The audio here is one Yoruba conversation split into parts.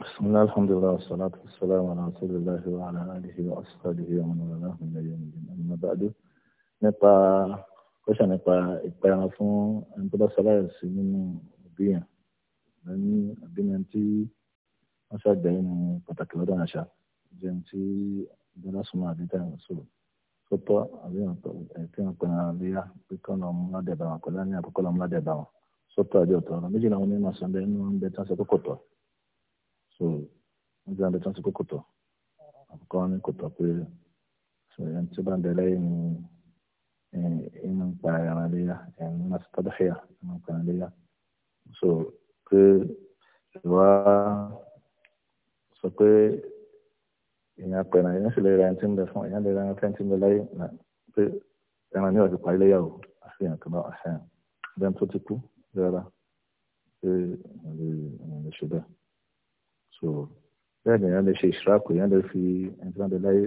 بسم الله الحمد لله والصلاة والسلام على رسول الله وعلى آله وأصحابه ومن والاه من يوم الدين أما بعد nípa kọ́ṣà nípa ìpẹ́ran fún ẹni tó bá ṣaláyà sí nínú òbíyàn lẹ́ni àbíyàn tí wọ́n ṣàgbẹ́yìn ní pàtàkì lọ́dọ̀ àṣà jẹun tí ìjọba súnmọ́ àdídá sọ̀rọ̀ sọ́tọ̀ àbíyàn tí wọ́n pẹ̀ràn léyà pé kọ́ lọ́mú ládẹ̀ bá wọn kọ́lá ní àkọ́kọ́ lọ́mú ládẹ̀ bá wọn sọ́tọ̀ àbí ọ̀tọ̀ ọ̀rọ̀ méjì làwọn onímọ̀ sọ̀bẹ̀ inú oúnjẹ tí wọ́n ṣe kókò tọ̀ so oúnjẹ àbẹ̀ tí wọ́n ṣe kókò tọ̀ àkọ́kọ́ ní kò tọ̀ pé ẹni tí ó bá ń bẹ lẹ́yìn ẹnu ń pa ẹran léyà ẹnu ń pa tọ́dọ̀ṣẹ́yà ẹnu ń so pé ìwà sọ pé ìyẹn apẹ̀rẹ̀ ìyẹn sì lè ra ẹni tí ń bẹ fún ìyẹn lè ra ẹni tí ń bẹ láyé pé ẹran ní ọ̀dùnkà iléyà o àfihàn ṣe bẹ́ẹ̀ so ni ìyẹn lè ṣe ìṣiráàkù ìyẹn lè fi ẹni tí wọ́n bẹ láyé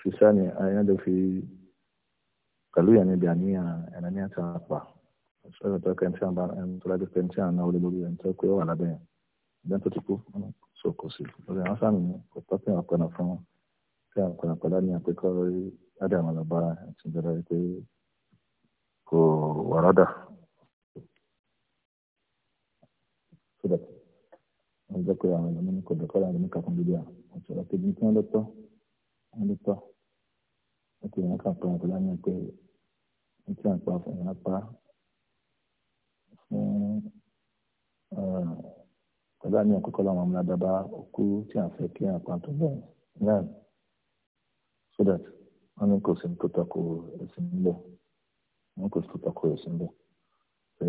fi sáà ni ìyẹn lè fi pẹ̀lú ìyẹn níbi àníyàn ẹ̀rọ ní àti àpà ṣọ́yìn tó kẹ́ ẹni tí wọ́n bá ẹni tó lájú pé ẹni tí wọ́n náwó lé lórí ẹni tó pé ó wà lábẹ́ yẹn ẹni tó ti kú so kò sí lórí àwọn sáàmì kò tọ́ pé ọ̀pẹ̀nà fún pé ọ̀pẹ̀nà pẹ̀lú àníyàn pé wọn kò yàn kà pa àbúrò lánàá pé wọn kí àpá fún yàn pa fún pẹ̀lú àmì àkọ́kọ́ làwọn ọmọlàdà bá òkú tí à ń fẹ́ kí àpá tó bẹ̀rẹ̀ náà so that wọn ní kò sí tó tako ẹ̀sìn nílẹ̀ wọn kò sí tó tako ẹ̀sìn nílẹ̀ ẹ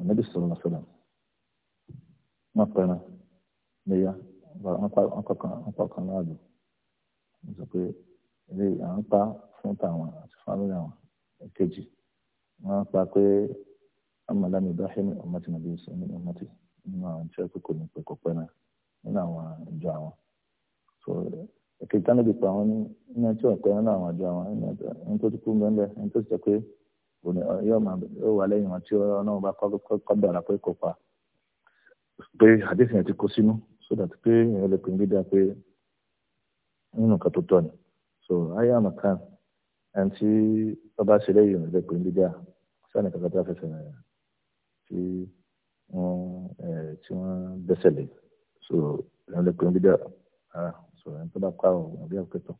ẹnẹbi sọ̀rọ̀ náà sọ̀rọ̀ wọn pẹ̀rẹ̀ léyà wọn pa kan láàdùn wọn sọ pé. ebe a ń pa fún tàwọn àti fámìlì àwọn èkejì wọn pa pé amọ̀lámi ibrahim ọmọtí nàbí sọmi ọmọtí nínú àwọn ìjọ pé kò ní pẹ́ kò náà nínú àwọn ìjọ àwọn so èkejì tánà bí pa ní ẹni tí wọn nínú àwọn àwọn ẹni tó ti kú ẹni tó ti so that pé lè pè ń pé so aya makan ẹni tí ọba ṣe lẹ́yìn ìrìnàjò pé nígbà sani kankan tó fẹsẹ̀ rẹ̀ tí wọ́n tí wọ́n dẹ́sẹ̀ lé so ìrìnàjò pé nígbà ara so ẹni tó bá pa ọ àbí àpẹtọ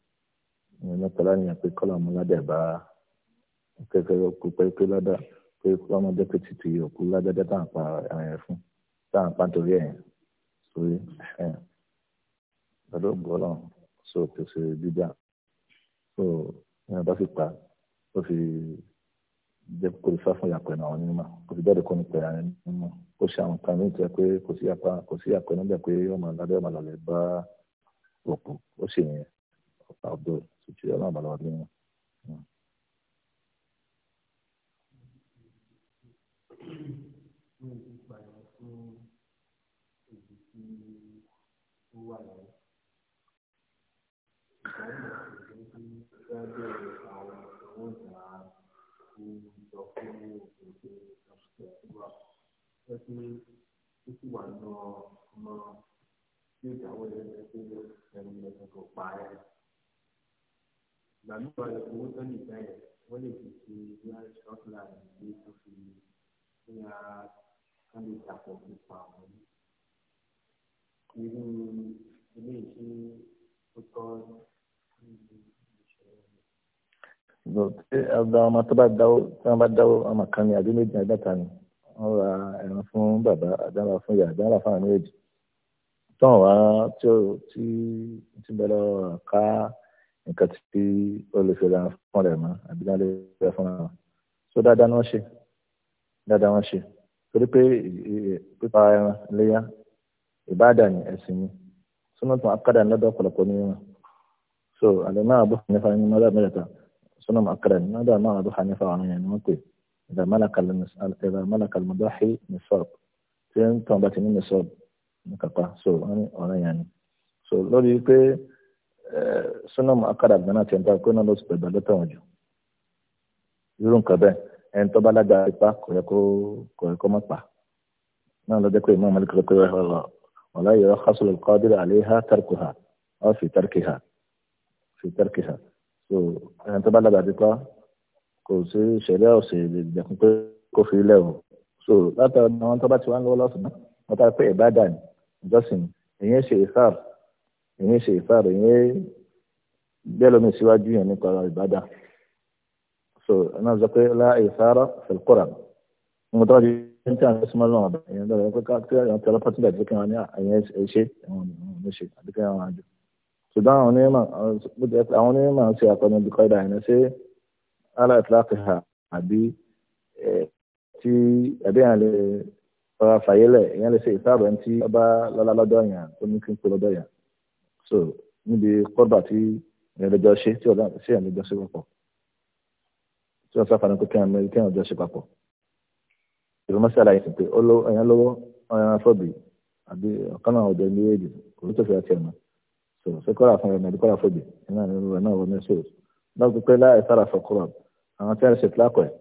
ìyẹn náà tọ́lá nìyẹn pé kọ́lá ọmọ ládàá bá kẹ́kẹ́ ọkọ̀ pé ládàá pé ọmọdé pé títí òkú lágbẹ́dẹ́ tá à ń pa ara yẹn fún tá à ń pa torí ẹ̀yìn sórí ẹ̀yìn pẹ̀lú ògbọ́lọ́ so kò ṣe dídá so ní ọba sì ta ó fi jẹ́ kó lè sá fún ìyàpẹ̀ náà nínú mà kò sì jáde kó ní pẹ̀lú àwọn nínú mà ó ṣe àwọn kan ní ìtẹ́ pé kò sí àpá kò sí àpẹ níbẹ̀ pé ọmọ lábẹ́ ọmọ lọ́lẹ̀ bá òkú ó ṣèyẹn ọ̀pá ọ̀dọ́ ìṣèjì ọlọ́run bàlọ́wọ́ nínú. jẹ́ pé ó sì wà lọ ọmọ tí ó jáwọ́ lẹ́sẹ̀ pé ẹ̀rù lẹ́sẹ̀ tó pa ẹ̀. ìgbà mìíràn rẹ̀ owó tó lè jẹ́ ẹ̀ wọ́n lè fi ṣe ìyá ìṣọ́kìlà ìgbé tó fi ìyá tó lè dàpọ̀ nípa àwọn yìí. irú ilé ìṣe tó tọ́ ọ̀dọ̀ eh, ọmọ tó bá dáwọ́ tó bá dáwọ́ ọmọ kan ní àbí méjì àgbàta ni wọ́n ra ẹran fún bàbá àdára fún ìyá àdára fún àwọn èjì tán wá tí ó ti ti bẹ̀rẹ̀ ká nǹkan tí ó lè fi ra fún rẹ̀ mọ́ àbí náà lè fẹ́ fún ra so dáadáa ni wọ́n ṣe dáadáa wọ́n ṣe torí pé pípa ẹran léyà ìbáàdà ni ẹ̀sìn ni súnà tún akádà lọ́dọ̀ ọ̀pọ̀lọpọ̀ ní wọn so àlẹ́ náà Abu Hanifa ní mọ́dà mẹ́ta súnà akádà ní mọ́dà náà Abu Hanifa àwọn èèyàn ni wọ́n pè é. إذا ملك إذا ملك المضحي نصاب تين تان باتي من نصاب نكبا سو أنا أنا يعني سو لولي يكي سنم أكاد أبنا تينتا كونا لوس ببالو تانجو يرون كبه ẹni tó bá lágbára ipá kò yẹ kó kò yẹ kó má pa náà ló dé pé ìmọ̀ malik lókè wá lọ wàlá yọrọ xasul qadir aleha tarkuha ọ fi tarkiha fi tarkiha so ẹni tó bá lágbára ipá kò sí ìṣẹ̀lẹ̀ ọ̀sẹ̀ lè dẹ̀kun pé kó fi ilẹ̀ o so látara ní àwọn tó bá ti wá ń lọ́wọ́ lọ́sùn náà wọ́n ta pé ìbàdàn ìjọsìn ìyẹn ṣe ìfàr ìyẹn ṣe ìfàr ìyẹn bẹ́ẹ̀ lómi síwájú yẹn nípa ìbàdàn so ẹ̀nà sọ pé lá ìfàrọ̀ fẹ̀lkọ́ra mo tọ́jú ní tí a ń súnmọ́ lọ́wọ́ ìyẹn lọ́wọ́ pé káàkiri àwọn tí ọlọ́pàá ti dàbí kí wọ́n ní àyẹn ṣe àwọn ṣe àbíkẹ́ àwọn àjò ṣùgbọ́n àwọn onímọ̀ àwọn onímọ̀ ṣe àkọ́ni bí kọ́ ala itlaqiha àbí tí ẹbí yẹn lè fara fàyẹlẹ̀ ìyẹn lè ṣe ìsáàbọ̀ ẹni tí ọba lọ́la lọ́dọ̀ yẹn tó ní kí n kó lọ́dọ̀ yẹn so níbi kọ́dà tí ìyẹn lè jọ ṣe tí ọ̀gá sí ìyẹn lè jọ ṣe papọ̀ tí wọ́n sáfà ní kó kéèyàn mẹ́rin kéèyàn jọ ṣe papọ̀ ìrọmọsí àlàyé sì pé ẹ̀yàn lọ́wọ́ ọ̀yàn afọ́bì àbí ọ̀kan náà ọ̀dọ̀ ní èdè kò ní tó fi àti ẹ̀mọ́ so ṣé kọ́ra fún ẹ̀mọ́ ẹ̀dí kọ́ra fọ́bì ẹ̀ náà ní ọ̀rọ̀ náà wọ́n ní sóòtù náà pípẹ́ láì sára fọ́ kúrọ̀bù àwọn tí a ṣe tìlákọ̀ ẹ̀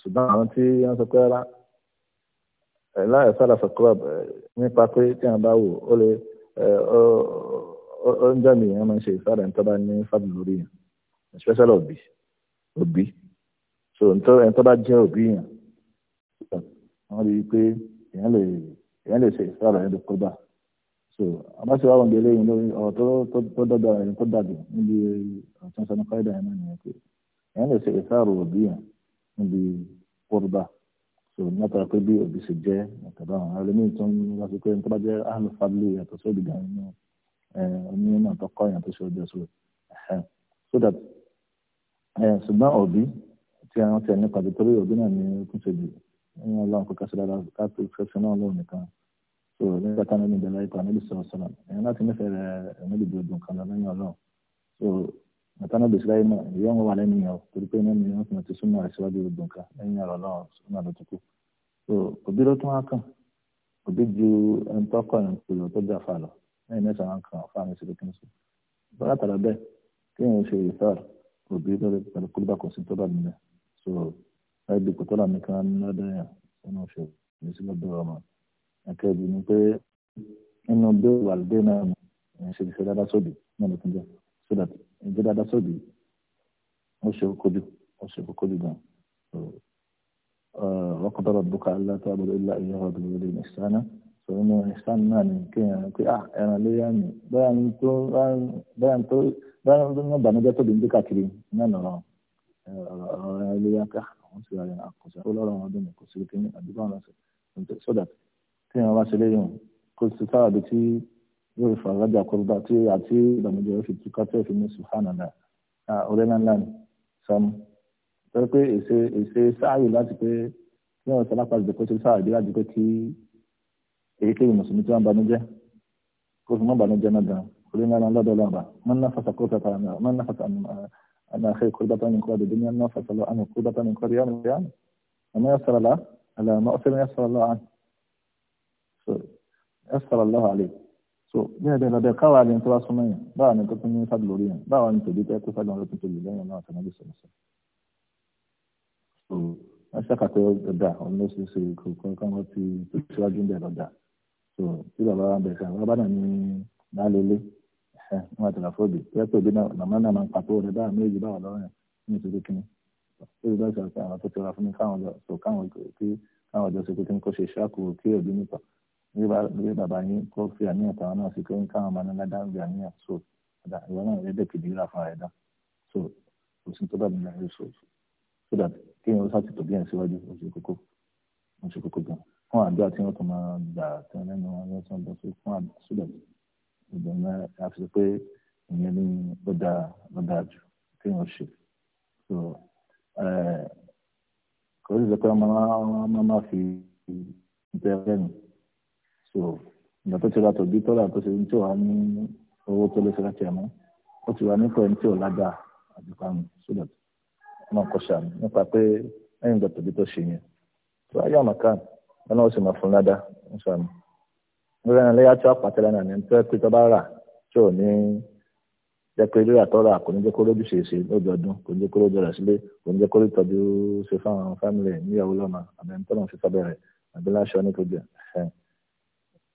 ṣùgbọ́n àwọn tí wọ́n sọ pé rárá láyọ̀ sára sọ̀kúrọ̀bù nípa pé tí a bá wò ó lè ó ń jẹ́ mi ìyẹn máa ń ṣe ìfáàdà ní tọ́ba ní fábùlù lórí yẹn especially òbí òbí so ẹni tọ́ba jẹ́ òbí yẹn wọ́n rí i pé èèyàn lè èèyàn lè ṣe ìfáàdà yẹn lóko bá so abáṣe wà wọn délé yìí lórí ọ̀rọ̀ tó dọ́gba ẹni tó dàbí níbi ọ̀tún sanu káyọ̀dà yẹn náà nìyẹn pé èèyàn lè ṣe ìsáàrò òbí yẹn níbi kórbà so nípa pé bí òbí ṣe jẹ́ àtàbà àwọn ẹlẹ́mìí tó ń lọ sí pé nípa jẹ́ ahmed fadlu yàtọ̀ sóbì gan inú oníyẹn náà tọkọ yẹn tó ṣe ọjọ́ so so that ṣùgbọ́n òbí tí àwọn tí a nípa tó torí òbí náà ní kúnṣe jù ní ọlọ́run kó kásìlá láti ṣẹṣẹ náà lóun nìkan so nígbà táwọn ẹni ìdẹ̀lá ipa níbi sọ̀rọ̀ sọ̀rọ̀ ẹ̀yìn láti nífẹ̀ẹ́ rẹ̀ níbi ìdìbò kan lọ lẹ́yìn ọlọ́run àtàwọn olùsíláyé náà ìyá wọn wà lẹ́nu yẹn o torí pé nínú yẹn wọn ti súnmọ́ àṣewájú gbogbo nǹkan lẹ́yìn náà súnmọ́ àlọ́ tó so òbí ló tún wá kàn òbí ju ẹni tó kọ̀ ní kùlù tó jà fà lọ lẹ́yìn mẹ́sàn án kan fà mí síbi kíni bọ́lá tàbí bẹ́ẹ̀ kí èèyàn ṣe ìfẹ́r òbí lórí pẹ̀lú kúlùbà kò sí tó bá so láì bí kòtọ́lá mi kan lọ́dọ̀ yẹn sínú ṣe ní sí lọ́dọ̀ ọmọ ẹ̀kẹ́ ibi ni pé nínú bí wàlúdé ìjọ dáadáa sódì wọ́n ṣe kójú wọ́n ṣe kójú gan wọ́n kọ́ tọ́lọ̀ bùkà aláta àbúrò ilá ìyá ọ̀dọ̀ ìlú ìsánà sọ nínú ìsánà náà ni kéèyàn pé à ah, ẹran léyà ni bẹ́ẹ̀ ni tó bẹ́ẹ̀ ni tó bẹ́ẹ̀ ni tó ń bànújẹ́ tóbi ń dé káàkiri náà nọ̀rọ̀ ọ̀rọ̀ léyà ká àwọn sì rárá àkọsí ó lọ́rọ̀ ọdún kò sí kí ní àdúgbò àwọn sọ̀dà kéèyàn wá ṣe léyìn yóò fàrájà kọlùbà tí àti ìdàmójọ rẹ fi túká tẹ́ fi ní sùhánàlá ọ̀rẹ́nàlá ni sọmú tọ́ pé èsè èsè sáàyè láti pé kí wọ́n sọ lápá ìdẹ́kọ́ tó sáàyè bí láti pé kí èyíkéyìí mùsùlùmí tí wọ́n banújẹ́ kó fi mọ́ banújẹ́ náà gan ọ̀rẹ́nàlá lọ́dọ̀ lọ́ba mọ́n náà fàṣà kóòtà kàrà náà mọ́n náà fàṣà àná àṣẹ kóòtà tó ní kóòtà dùnú náà fàṣà lọ àná kóòtà tó ní kóòtà yà so bí ẹ̀dẹ̀ lọ́dẹ káwa lè tó wá súnmọ́ yẹn báwa ni tó tún ní fàdí lórí yẹn báwa ni tòbí tẹ́ pé fàdí lórí tuntun lè náà tẹ̀lé sọ̀rọ̀ sọ. so wọ́n ṣàkàtọ̀ ọ̀dà ọ̀nà ṣíṣe kankan kan wọ́n ti tó ṣíwájú bẹ́ẹ̀ lọ́dà so tí bàbá wa ń bẹ̀ sàn bàbá náà ní lálẹ́lẹ́ ẹ̀ wọ́n àtàlà fọ́ọ̀bì tẹ́ pé òbí náà màmá náà máa ń pàtó rẹ̀ báwa méjì báwa lọ́rùn nítorí kíni tó bá ṣàkàtọ̀ àwọn tó ti ra fún mi káwọn jọ bí bàbá yín kó fi àníyàn táwọn náà sí pé ń káwọn ọmọ náà dáhùn bí àníyàn so ìwọ náà ẹ̀ẹ́dẹ̀ kìdí rà fún àìdá so kò sí tó bá mi láyé so so that kí n ó sá ti tò bí ẹ̀ síwájú oṣù kókó oṣù kókó gan fún àdúrà tí wọ́n tó máa gbà tí wọ́n lẹ́nu wọn lọ́sọ̀ lọ sí fún àdúrà so that ìgbà náà a fi pé ìyẹn ní ó dáa ló dáa jù kí n ó ṣe so kò sí sọ pé ọmọ máa fi ìtẹ́ ẹgbẹ́ mi so ìgbà tó ti ra tòbí tọ́lá tó ṣe tí ò wá ní owó tó lè ṣẹlẹ̀ tẹ̀ mọ́ ó ti wá nípa ẹni tí ò lágbà àdúgbò àwọn sódà náà kọ́ sàmì nípa pé lẹ́yìn ìgbà tòbí tó ṣe yẹn tó ayé àmàkà lọ́nà ó sì máa fún ládà ń sàmì lórí ẹni lẹ́yà tí wàá pàtẹ́ lẹ́nà ní tó ẹ pé tó bá rà tí ò ní jẹ́ pé lórí àtọ́rà kò ní jẹ́ kó lójú ṣèṣe lójoọdún kò ní jẹ́ kó lójú rẹ̀ sílé kò ní jẹ́ kó lójú ṣe fáwọn fámìlì níyàwó lọ́mọ àbẹ̀ntọ́nà fífà bẹ̀rẹ̀ àbí ní kò jẹ́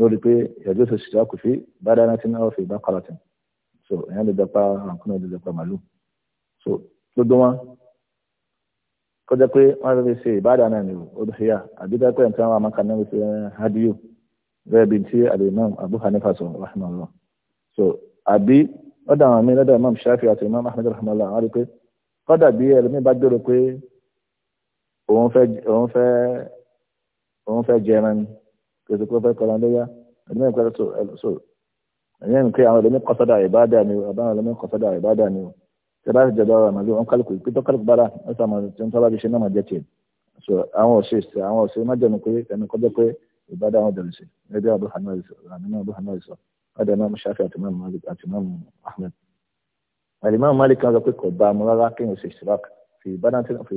lórí pé ìyàjọ́ ṣe ṣiṣẹ́ kò fi bàdá náà ti náà fi bá kọ́ra tẹ̀ so èèyàn lè dapa àǹkúnà lè dapa màlúù so gbogbo wọn kọjá pé wọn fẹẹ ṣe ìbáàdà náà ni odòṣìyà àbídá pé nǹkan àwọn amáka náà ṣe hadiyu bẹ́ẹ̀ bíi ti alimam abu hanifa sọ rahmanullah so àbí lọ́dọ̀ àwọn mi lọ́dọ̀ imam shafi àti imam ahmed rahmanullah àwọn rí pé kódà bí ẹlẹmi bá gbèrò pé òun fẹ́ òun fẹ́ òun fẹ́ jẹran ni kẹsì pé ọfẹ kọlá léyà ẹni mẹ́rin kọlá so ẹni mẹ́rin pé àwọn ẹlẹmí kọsọdà ìbáàdà ni o àbáwọn ẹlẹmí kọsọdà ìbáàdà ni o tẹ́lá ti jẹ̀dọ̀ ọ̀rọ̀ màlúù wọn kálukú pété kálukú bára wọn sàmà tí wọn sábà fi ṣe náà máa jẹ tiẹ̀ so àwọn ọ̀ṣẹ́ ṣe àwọn ọ̀ṣẹ́ má jẹun pé ẹni kọjá pé ìbáàdà wọn dẹ̀rù sí ẹbí Abu Hanifa sọ ọ̀dà Imam Shafi àti Imam Malik àti Imam Ahmed Imam Malik kan sọ pé kò bá mu rárá kéèyàn ṣe ṣìlák fi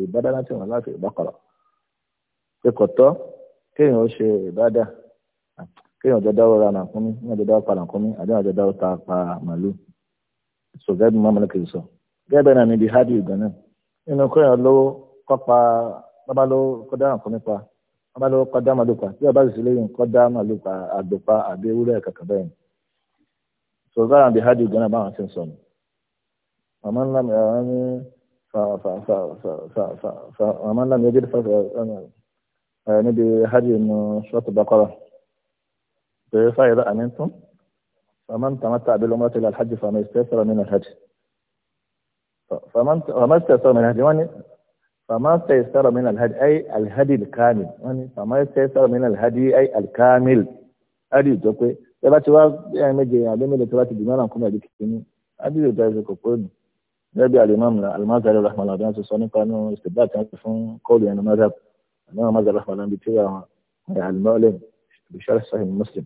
ìbáàdà láti wọn láti ìbákọ̀rọ̀ pé kò tọ́ kéèyàn ó ṣe kéèyàn jọ dáwọ́ ra nàkúnmí kéèyàn jọ dáwọ́ pa nàkúnmí àdéhùn àjọ dáwọ́ ta pa màálù sọgẹ́dùn mọ́mọ́lẹ́ kìí sọ gẹ́gẹ́ bẹ́ẹ̀ náà níbi hádìí ìgbà náà nínú kéèyàn lówó kọ́pa bábá lówó kọ́dá nàkúnmí pa bábá lówó kọ́dá màálù pa bí ọba sì léyìn kọ́dá màálù pa àgbò pa àbí ewúrẹ́ kàkà bẹ́ẹ̀ sọgẹ́dùn níbi hádìí ìgbà náà báwọn ti ń sọ ni àmọ́ ńlá mi àwọn ní àmọ́ ńlá mi ojú níbi hádìí inú ṣọ́ọ̀tù bákọ́rọ̀ فإذا أمنتم فمن تمتع بالعمرة إلى الحج فما استيسر من الهدي فمن فما استيسر من الهدي يعني فما استيسر من الهدي أي الهدي الكامل يعني فما استيسر من الهدي أي الكامل أدي جوكي يبقى توا يعني مجي يعني مجي توا تجي مانا كم أدي كتير أدي جوكي جوكي كون يبقى الإمام المازري رحمه الله بيان يعني سوني كانوا استبدال كانوا يفهم قولي أنا مذهب أنا مذهب رحمه الله بيتوا يعني المعلم بشرح صحيح مسلم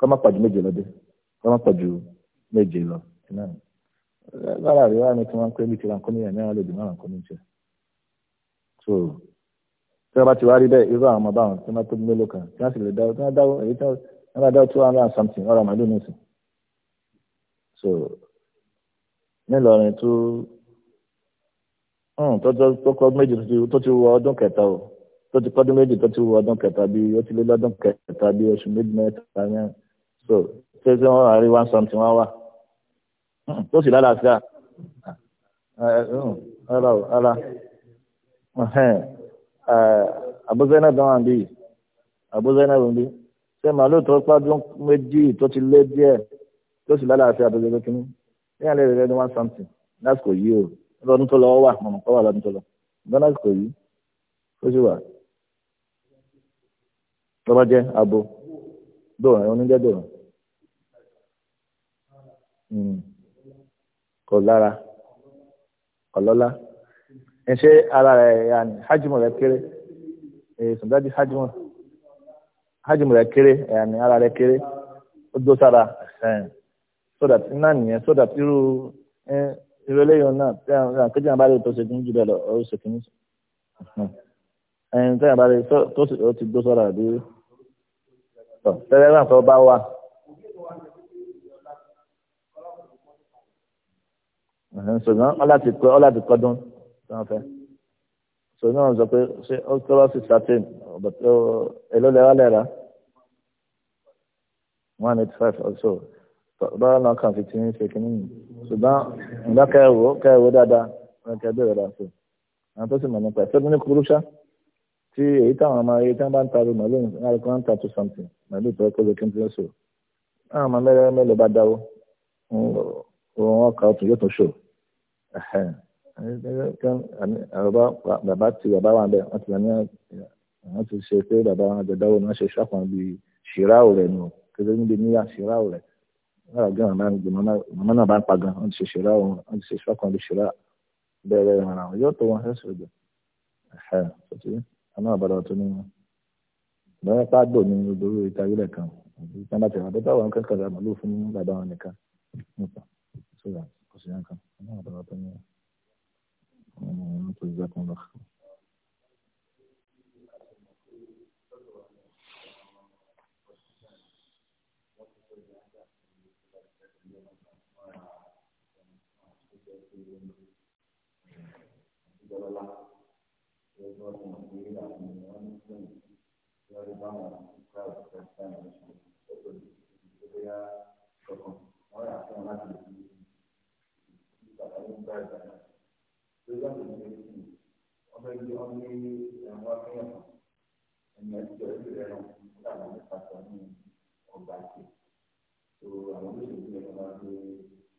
kọ́ má pàjù méje lọ dé kọ́ má pàjù méje lọ náà lára rẹ̀ wá ní tí wọ́n ń pè ní tìrà nǹkan níyà mẹ́wàá lòdì márùn nǹkan níjẹ. so tí wọ́n bá ti wá rí bẹ́ẹ̀ irú àwọn ọmọ báwọn tí wọ́n tó bí mélòó kan tí wọ́n sì lè dáwọ́ tí wọ́n dáwọ́ èyí tí wọ́n bá dáwọ́ two hundred and something ọ̀rọ̀ màálù nìsín. so nílọrin tó hmm, tó kọ́ méjì tó ti wọ ọdún kẹta o tó ti kọ́dún méjì tó ti wọ ọdún kẹta bí ó ti lé lọ́dún kẹta bí oṣù méjì mẹ́ta so ṣé ṣé wọ́n rí one something wọ́n wà hmm, tó sì lálàáfíà ara ara àbúzẹ́ náà dán wà níbí àbúzẹ́ náà níbí ṣé màálù tó pàdún méjì tó ti lé díẹ̀ tó sì lálàáfíà tó lé kínní ní àlẹ́ rẹ̀ ní one something lásìkò yìí o lọ́dún tó lọ wà mọ̀mọ́ kọ́ wà lọ́dún tó lọ lọ́dún lásìkò yìí ó sì wà tọ́bajẹ́ abo dòrò ẹ̀ oníjẹ́ dòrò. Mm. kò lára ọlọ́lá ẹ ara rẹ̀ ni rẹ̀ kéré sọ̀dájú rẹ̀ kéré ni ara rẹ̀ kéré ó dó sára so that iná nìyẹn so that irú irú eléyìí náà tí kéjì tó ṣe ṣe tí bá tó ti dó sára bí náà tó bá wà. ṣùgbọ́n ọláti kọ́ ọláti kọ́dún tí wọ́n fẹ́ ṣùgbọ́n wọ́n sọ pé ṣé ó tọ́lọ́ sí thirteen èló lẹ́wà lẹ́ra one eight five or so báwo náà kàn fi ti ń ṣe kínní yìí ṣùgbọ́n ǹdá kẹwò kẹwò dáadáa wọn kẹ bẹ̀rẹ̀ rà sí àwọn tó sì mọ̀ nípa ẹ̀ ṣé ní kúrú ṣá tí èyí táwọn ọmọ èyí tí wọ́n bá ń taru màálù náà kí wọ́n ń ta two something màálù tó kó lókè ń tẹ́ so àwọn ọmọ mẹ́rẹ̀ẹ́rẹ́ mélòó bá dáwó wọn kà á tún yóò tún ṣò bàbá bàbá ti bàbá wa bẹ wọn ti ní wọn ti ṣe pé bàbá wa jọ dáwọ náà ṣe ṣàkóso bí ṣìráwò rẹ nù kékeré níbi níyà ṣìráwò rẹ náà gbé màmá màmá náà bá ń pa gan wọn ti ṣe ṣìráwò wọn ti ṣe ṣàkóso bí ṣìrá bẹ̀rẹ̀ ìrànlọ yóò tó wọn ṣẹṣẹ jù àmọ́ àbàdà tó ní wọn lọ́yẹ́ pàdó ní olórí ìtayílẹ̀ kan àti sábàtì àbẹ́tàwọn kẹ́kọ̀ọ́ síra kò sí nǹkan ọlọ́run àtàwọn tó ní ọmọ ọmọ tó jẹ́ kan lọ. Thank you. ìgbàgbà lórí ọ̀nà ìgbésí ọmọ ẹgbẹ́ ọmọ ẹ̀wọ̀n akẹ́yọ̀kan ẹ̀yìn ẹ̀jọ̀ ẹ̀jọ̀ rẹ̀ rán nígbà wọn nípa sọ ní ọgbà àti tó àwọn olóṣèlú yẹn lọ́wọ́ gbé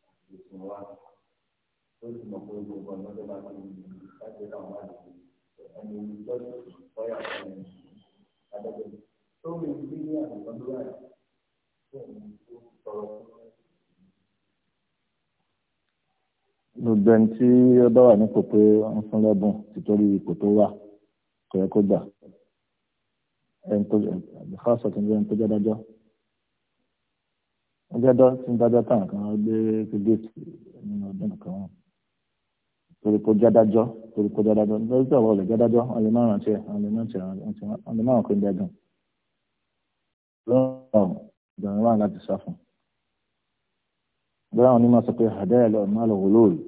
àtìlẹsìn wa tó sì mọ̀ pé gbogbo ọ̀nà tó bá ti láti rà wọn àti ẹni ìjọ́sìn ọ̀yà ọ̀nà adẹ́gbẹ̀ẹ́ tó mi ní àgbẹ̀kọ́ tó báyìí tó ń tọrọ fún gbogbo ẹni tí ó bá wà nípò pé wọ́n fún lẹ́bùn títorí ipò tó wà kò yẹ kó gbà ẹni tó àbíkọ́sọ̀ tó ń jẹ́ ẹni tó jẹ́ dájọ́ ó jẹ́dọ́ tí ń dájọ́ táwọn kan gbé kígéètì nínú ọdún nìkan wọn torí kó jẹ́ dájọ́ torí kó jẹ́ dájọ́ lórí tí ọ̀rọ̀ rẹ̀ jẹ́ dájọ́ wọ́n lè má rántí ẹ̀ wọ́n lè má rántí ẹ̀ wọ́n lè má rántí ẹ̀ dùn lọ́wọ́ ìdàrúwà láti sá fún un. bí àwọn onímọ̀ sọ pé àdáyà lọ́ọ̀ má lọ́wọ́ lóòrè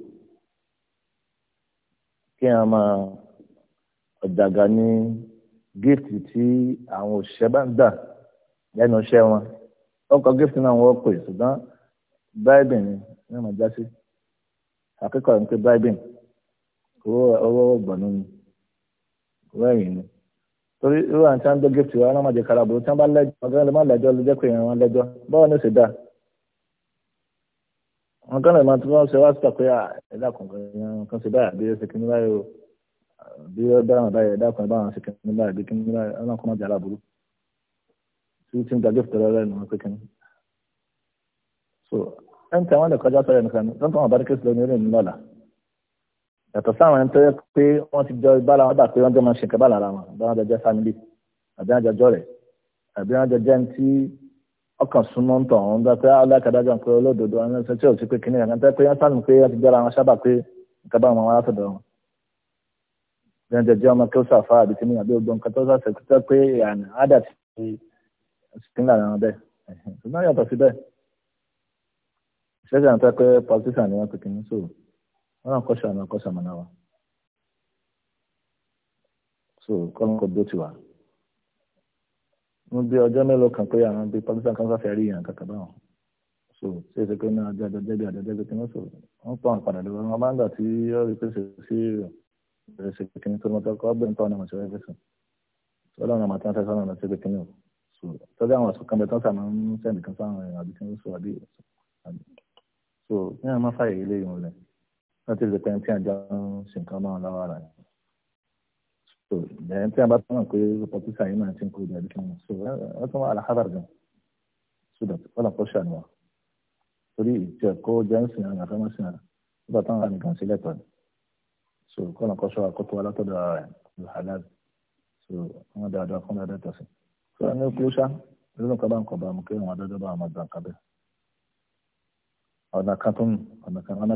kí a máa ọ̀jàgà ní gíftì tí àwọn òṣìṣẹ́ bá ń dà lẹ́nu iṣẹ́ wọn ọkọ̀ gíftì náà wọ́n pè ṣùgbọ́n bíráìbì ni wọ́n máa já sí akẹ́kọ̀ọ́ ní pé bíráìbì owó ọgbọ̀nú ni owó ẹ̀yìn ni torí irú àti àńdó gíftì wa náà máa jẹ kára tí wọ́n bá lẹ́jọ́ ọ̀gá lẹ́jọ́ jẹ́ pé ìrìn wọn lẹ́jọ́ ni ó dáa. wọn kàn lè máa tún wọn ṣe wá síta pé ẹ̀dá kankan kan ṣe báyà bí ẹsẹ̀ kìnìún báyìí o bí ó dáhùn báyìí ẹ̀dá kan báwọn ṣe kìnìún báyìí bí kìnìún báyìí ọ̀nà kan máa jà láburú tí tí ń gbàgbé fìtẹ́rẹ́ rẹ̀ nù pé kìnìún. so ẹn tí àwọn lè kọjá sọ̀rọ̀ nìkan tó ń tọ́ wọn bá dókè sílẹ̀ ní orí ìmúlọ̀lá yàtọ̀ sáwọn ẹni tó yẹ pé wọ́n ti jọ bára wọn dà pé wọ́n jọ máa ṣe kẹ́ bá ọkàn súnmọ́ ń tọ̀ ọ̀hún gbá pé alákàdájọ́ ah, pé olódodo ẹni ṣe tí ò sí pé kíní ẹ̀kan tẹ́ pé wọ́n sálùm pé wọ́n ti jẹ́ra wọn sábà pé nǹkan bá wọn látọ̀dọ̀ wọn. jẹ́njẹ́ jẹ́ ọmọ kí ó sàfà àbí kíní àbí ogbó nǹkan tó sàṣẹ tẹ́ pé àná ádà ti sípínlà náà bẹ́ẹ̀ ṣùgbọ́n yàtọ̀ sí bẹ́ẹ̀. ìṣẹ́jà ń tẹ́ pé politician ni wọ́n pè kíní so wọ́n kọ́ṣọ́ àmọ́ kọ́ṣọ́ àmọ́ náà wa so kọ́ wọ́n gbé ọjọ́ mélòó kan pé àwọn bíi pakistan kan sáfẹ́ rí ìyàn kankan báwọn so ṣé èsì pé náà jẹ́ àjọjẹ́bí àjọjẹ́bí tí wọ́n sọ wọ́n pa àwọn padà lọ́wọ́ wọn máa ń gbà tí ó rí pèsè sí ìrẹsì kìíní tó mọ́tò ọkọ̀ ọgbẹ́ nípa ọ̀nà àmọ̀tí wọ́n fẹ́sùn ọlọ́run àmọ̀tí wọ́n fẹ́sùn ọ̀nà tẹ́gbẹ́ kìíní o so tọ́jú àwọn àṣọ kan bẹ tán sàmọ́ ń sẹ́ǹdì kan sáwọn èèyàn àbí kí wọ́n sọ àbí so ní àwọn máa fàyè ilé ìwọ̀n rẹ̀ láti lè pẹ́ tí àjọ ń ṣe nǹkan máa láwàrà yẹn so ẹni tí a bá tán pé pọtísà yìí máa ti ń kó ìdí àdúgbò so wọ́n tún wá àlàkàbàrà gan so that wọ́n lọ́kọ́ ṣàníwá torí ìtì ẹ̀kọ́ jẹ́nsìn àrùn àfẹ́mọ́sìn àrùn nígbà táwọn àmì kan sílẹ̀ tọ̀ ni so kọ́ lọ́kọ́ ṣọ́ àkótó alátọ́dọ̀ rẹ̀ ló halal so wọ́n dáadáa fún dáadáa tọ̀ sí so ẹni kú ṣá lórí nǹkan bá ń kọ̀ bá mu kí wọn adájọ́ bá wọn máa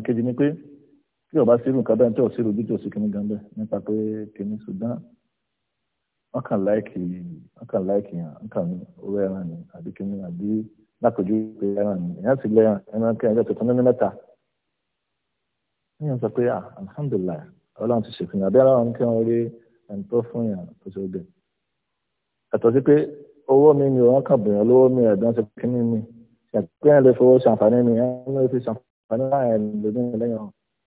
gbà nǹkan tí ọba sírù nǹkan bẹ́ẹ̀ tí ò sírù bí tí ò sí kíní gan bẹ́ẹ̀ nípa pé kíní ṣùgbọ́n wọ́n kàn láìkì wọ́n kàn láìkì yàn wọ́n kàn owó ẹran ni àbí kíní àbí lápèjú pé ẹran ni èèyàn sì lẹ́yìn ẹran kí ẹjọ́ tuntun nínú mẹ́ta èèyàn sọ pé ah, alhamdulilayi ọlọ́run ti ṣèkìyàn àbí ọlọ́run kí wọ́n rí ẹni tó fún yàn tó ṣe ó ẹ̀tọ́ sí pé owó mi ni wọ́n kàn bìyàn lówó mi ẹ̀dán ṣe kíní mi ṣàpẹ́yìn lè fowó ṣàǹfààní mi ẹ̀ ń lè fi ṣàǹfààní láàrin lójú lẹ́yìn ọ̀hún.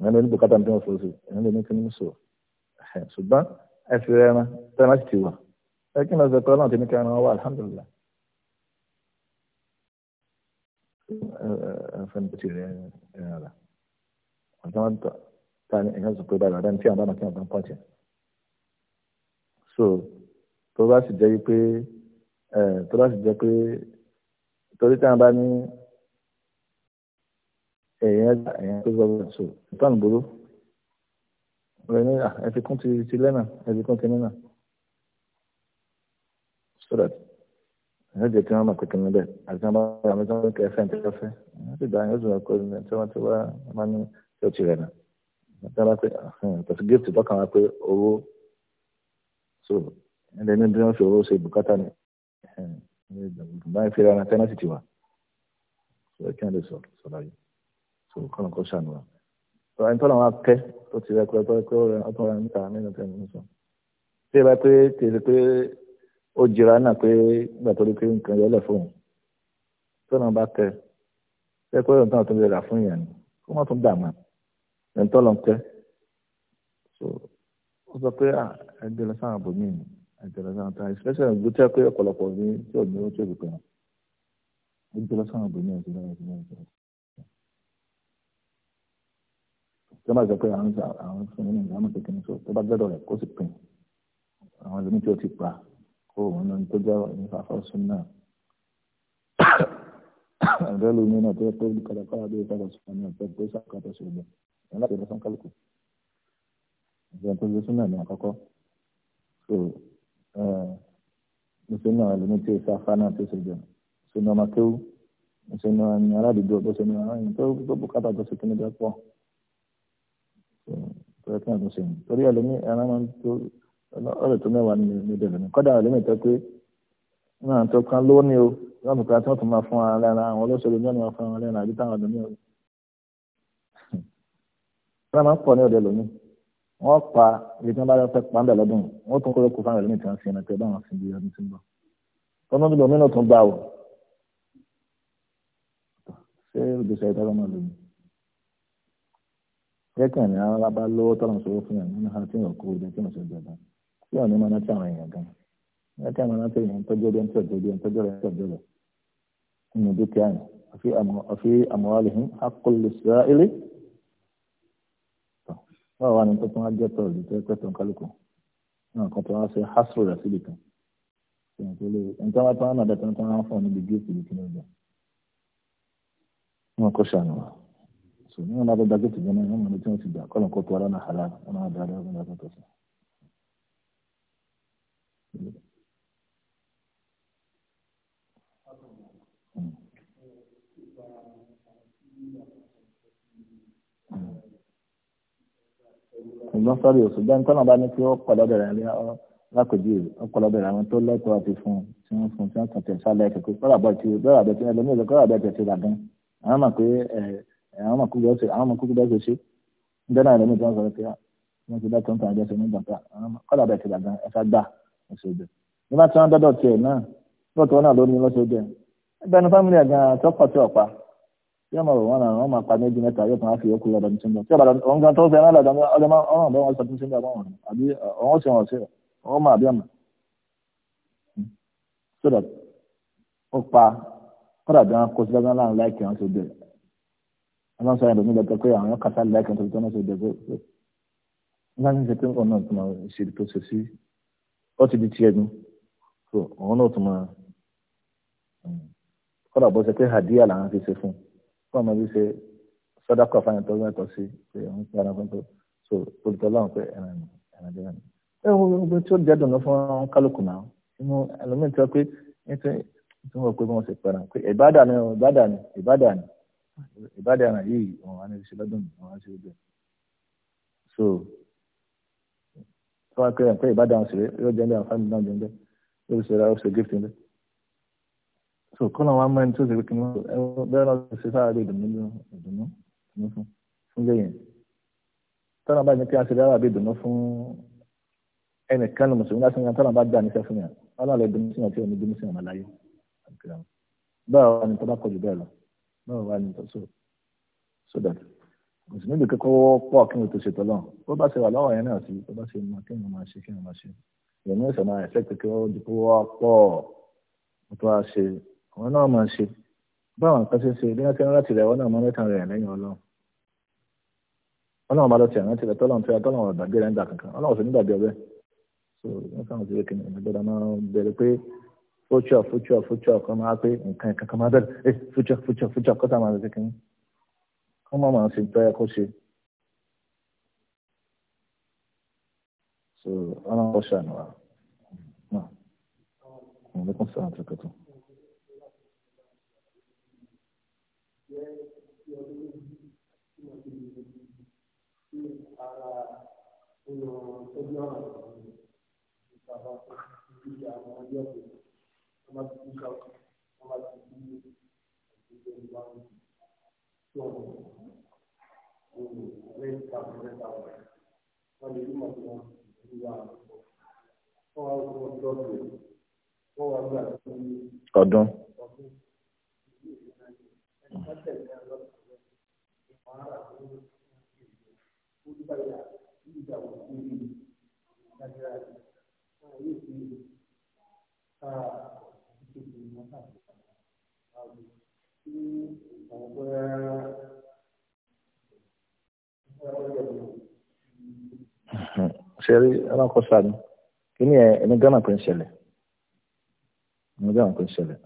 ẹ̀yìn ló ní bùkátà tí wọ́n fọ́ sí ẹ̀yìn ló ní kí ní sọ ṣùgbọ́n ẹ̀sìn rẹ̀ ẹran tẹ́lá sì ti wà ẹ kí n lọ sọ pé ọlọ́run ti ní kí ẹran wà alhamdulilah ẹ̀fọn ti rẹ̀ ẹran rà ọ̀tọ́ wọn tọ́ ta ni ẹ̀yìn sọ pé báyìí ọ̀dà ní tí àwọn bá máa kí wọn bá ń pọ̀jẹ̀ so tó bá sì jẹ́ pé tó bá sì jẹ́ pé torí ẹ̀yìn ẹ̀yìn tó gbọ́dọ̀ so ìtàn gbòòrò rẹ̀ ní à ah, ẹ fi kún ti ti lẹ́nà ẹ fi kún ti lẹ́nà so that ẹ jẹ́ kí wọ́n máa pèkè níbẹ̀ àti wọ́n bá wà ní sọ́wọ́n kẹ́ fẹ́ nítorí ọ̀fẹ́ ẹ sì dá yóò zùmọ̀ kọ́ni tí wọ́n ti wá máa ní ṣọ́ọ̀ṣì rẹ̀ nà àti wọ́n bá pè pẹ̀sì gift tọ́kàn wá pé owó so ẹni bí wọ́n fi owó ṣe bùkátà ni báyìí fi ra ẹran tẹ́lẹ̀ sì ti so kọ́nà kó ṣàánú wa tó ẹni tọ́lọ̀ wọn que tó ti rẹpẹ tó pé ó rẹ ọtún rẹ níta nínú tẹ́ nínú sọ tí ẹ bá pé tètè pé ó jìra náà pé nígbà tó rí pé nǹkan yọlẹ̀ fóun tọ́lọ̀ bá tẹ́ tẹ́ pé ọ̀tún àtúntò rẹ̀ rà fún ìyẹn ni kó má tún dààmú ẹni tọ́lọ̀ tẹ́ so ó sọ pé ẹgbẹ́ lọ sáwọn àbòmí ni ẹgbẹ́ lọ sáwọn de especially ìlú tẹ́ pé ọ̀pọ̀lọpọ̀ ní tí ò ní ó tó tó bá sọ pé àwọn àwọn fún nínú ìyàmọ̀ kékeré sọ tó bá gbẹ́dọ̀ rẹ̀ kó sì pin àwọn ẹlòmíì tí ó ti pa kó òun náà tó jẹ́ nípa fọ́sùn náà ẹ̀rọ lómi náà tó yẹ pé kọ́lá bí ìfọ̀rọ̀ sọ ní ọ̀pẹ́ pé sàkàtọ̀ sí ọ̀gbẹ́ ẹ̀ láti ẹ̀rọ sọ́nkálùkù ìjọba tó gbé súnà ní àkọ́kọ́ so eh, náà ẹlòmíì tí ó sáfá náà tó ṣe jẹun sínú ọmọ kéwú sínú ẹni aládùúgbò tó ṣe ní àwọn ẹni tó bùkátà tó ṣe kí ní bẹ́ẹ̀ pọ̀ tọ́lá tí wọ́n tún ṣe yìí torí ẹlòmí ẹran máa ń tó ọ̀rẹ́ tó mẹ́wàá ní ìdè lónìí kọ́dà ẹlòmí tẹ́ pé náà tó kan ló ní o láti ká tí wọ́n tún máa fún ara lẹ́ra àwọn olóṣèlú ní ọ̀nà máa fún ara lẹ́ra àbí táwọn ẹlòmí o. wọ́n máa ń pọ̀ ní ọ̀dẹ lónìí wọ́n pa ibi tí wọ́n bá fẹ́ pa ń bẹ̀ lọ́dún wọ́n tún kórè kó fún jẹ́kẹ́ ẹ̀mí ara bá lówó tọ́lọ̀ sọ́wọ́ fún yàn nínú àti ìyàn kó jẹ́kẹ́ ẹ̀mí sọ́jọ́ gan tí ọ̀ní máa náà tí àwọn èèyàn gan jẹ́kẹ́ ẹ̀mí náà tí èèyàn tọ́jọ́ bí ẹni tí ọ̀jọ́ bí ẹni tọ́jọ́ rẹ̀ ń tọ́jọ́ rẹ̀ nínú dúkìá yẹn àfi amwalihim haqqul lis-sa'ili báwo wá ní tó tún wá jẹ́ tọ́ ìlú tẹ́ pẹ́tọ́ kálukú náà kan tó wá ṣe hásùrù rẹ̀ síbi kan ẹni tó wá tó wá nàdẹ́ tó wá fún ọ níbi gé so ní wọn bá gba gẹ́tù gbọ́n náà wọn tí wọn ti gbà kọ́lọ̀ kọ́ tó ara náà hàlá wọn náà dáadáa wọn náà tó sọ. ṣùgbọ́n sọ́rí o ṣùgbọ́n tọ́nà bá ní kí ó pọ̀ lọ́bẹ̀rẹ̀ rí lákòjú ọ̀pọ̀ lọ́bẹ̀rẹ̀ àwọn tó lẹ́tọ̀ọ́ àti fún tí wọ́n fún tí wọ́n kàn tẹ̀ sálẹ̀ kọ́lá bọ̀ tí bẹ́ẹ̀ àbẹ̀tẹ̀ ẹlòmíràn kọ́lá bẹ̀tẹ̀ ti rà àwọn mọ̀ pé àwọn màkúgbà ọ̀sẹ̀ àwọn màkúgbà ọ̀sẹ̀ ṣe dáná rẹ̀ nígbà wọn sọ pé ah, wọn ti dá tó ń ta àjọṣe nígbà tá kọ́dà bẹ́ẹ̀ ti dàgbà ẹ̀fà gbà ọ̀sẹ̀ ọ̀dẹ̀ nígbà tí wọ́n dọ́dọ̀ tiẹ̀ náà lọ́tọ̀ náà ló ní lọ́sẹ̀ ọ̀dẹ̀ ẹgbẹ́ ní fámìlì àgbà tọ́kọ̀ tí ọ̀pá yóò máa wọn náà wọn máa pa méjì mẹ́ta yóò kàn á fi okùn lọ́dọ̀ tuntun tí wọn gan tó fẹ́ náà lọ́dọ̀ ọdẹ máa ọ̀ràn bá wọn sọ tuntun bá wọn àbí ọ̀hún ṣe wọn ṣe ọ̀hún máa bí ọ̀nà hmm. so that ó pa kọ́dà gan kó sí lọ́gán láàrin láìkì àwọn tó wọ́n sọ ẹ̀rọ mi lọ́tọ́ pé àwọn kàtà láìka tó tọ́ náà ṣe dẹ̀gbẹ́ nígbà tí ń ṣe pé òun náà tó máa ṣe tó ṣe sí ti di tiẹ̀ nu so òun náà tó máa kọ́dà bó ṣe pé hadiya làwọn fi ṣe fún fún ọmọ bí ṣe sọ́dákọ̀ fáyọ̀ tó mẹ́tọ̀ sí pé òun ti ara fún tó so olùtọ́ láwọn pé ẹ̀rọ ẹ̀rọ jẹ́ ẹ̀rọ. ẹ wo ogun tí ó jẹ́ dùnú fún kálukú náà inú ẹlòmíì tí wọ́n pé ní tí wọ́n pé wọ́n ṣe pẹ̀ràn pé ni ìbádà ni ìbádà ni ìbáde àrà yìí wọn á ní ṣe lọ́dún mi wọn á ṣe lọ́dún mi so tí wọ́n á pè é pé ìbáde àwọn ṣeré yóò jẹ́ ń bẹ́ àwọn fámìlì náà jẹ́ ń bẹ́ yóò ṣe ra ó ṣe gift ń bẹ́ so kọ́nà wọn mọ ẹni tó ṣe pé kí n bẹ́ẹ̀ náà ṣe sára bí ìdùnnú ìdùnnú ìdùnnú fún fún lẹ́yìn tọ́nà bá ní kí a ṣe dára bí ìdùnnú fún ẹnìkan ní mùsùlùmí láti yan tọ́nà bá dà níṣẹ́ fún yàn wọn náà lè dùnnú sí yàn tí ò ní dùnnú sí yàn máa láyé báwo ni tó bá kọjú bẹ́ẹ̀ lọ náà wà ní ìtọ́sọ so that òsì níbi kíkọ́ pọ̀ kí wọ́n tó ṣe tọ́lọ́ bó bá ṣe wà lọ́wọ́ yẹn náà sí bó bá ṣe mọ kí wọ́n máa ṣe kí wọ́n máa ṣe ìyẹn náà sọ̀rọ̀ àìsẹ́kì kí wọ́n di kówó pọ̀ tó wá ṣe àwọn náà máa ṣe báwọn kan ṣe ṣe bí wọ́n ti ń láti rẹ̀ wọ́n náà máa mẹ́ta rẹ̀ lẹ́yìn ọlọ́run ọlọ́run bá lọ ti àrántí rẹ̀ tọ́lọ́run tí ọlọ́run ọ̀dàgbé rẹ̀ ń dà kankan ọlọ́run sì ń dàbí ọbẹ̀ so wọ́n kàn ń ṣe kí ni ìgbàgbọ́dọ̀ máa bẹ̀rẹ̀ pé future future future kan máa pé nǹkan kankan máa bẹ̀rẹ̀ ẹ eh, future future future kọ́tà máa bẹ̀rẹ̀ kínní kọ́ máa máa ṣe tó yẹ kó ṣe. so ọ̀nà kò ṣàánú wa náà ọ̀nà kò ṣàánú Thank you ọba ti kú ká kéde wákàtí àwọn tí ọ̀pẹ sẹ́rí ẹranko sáré kí ni ẹni gánà pé ń ṣẹlẹ̀ ẹni gánà pé ń ṣẹlẹ̀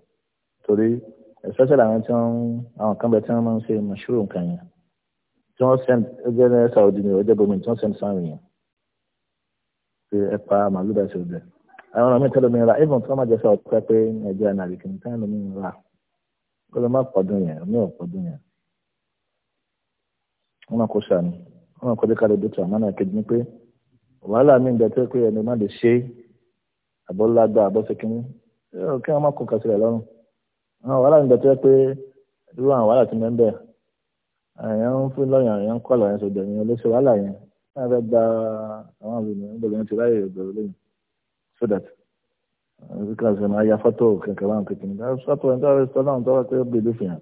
torí especially àwọn tí wọ́n àwọn kan bẹ tí wọ́n máa ń ṣe mọ̀ṣúrù nǹkan yẹn tí wọ́n send ẹgbẹ́ ní Saudi ní ọjọ́ bomi tí wọ́n send sáwọn èèyàn pé ẹ pa màálù bá ṣe bẹ́ẹ̀ àwọn ọmọ ìtọ́lómi ra even tí wọ́n máa jẹ́ sọ ọ̀pẹ́ pé nàìjíríà náà kì í tán lómi ra kó ló má pọ̀dún yẹn ní ọ̀pọ̀dún yẹn. wọ́n máa kó sànù wọ́n máa kọjú kálí dókítà àmọ́ náà kejì ni pé wàhálà mi ń bẹ tó pé ẹni má lè ṣe àbọ̀lágbà àbọ̀sẹ̀kínní kí wọ́n má kó kàṣílẹ̀ lọ́rùn. wàhálà mi ń bẹ tó pé irú àwọn wàhálà ti mẹ́ ń bẹ̀ àyàn ń fún lọ́yàn àyàn ń kọ́ lọ́yàn sọ̀dọ̀ ẹ̀yìn olóṣèwàhálà yẹn láti so that kíkà sọ náà ya fọ́tò kẹ̀kẹ́ wọn kékeré náà fọ́tò ẹni tó wà sọ náà tó wà pé bèbè fi hàn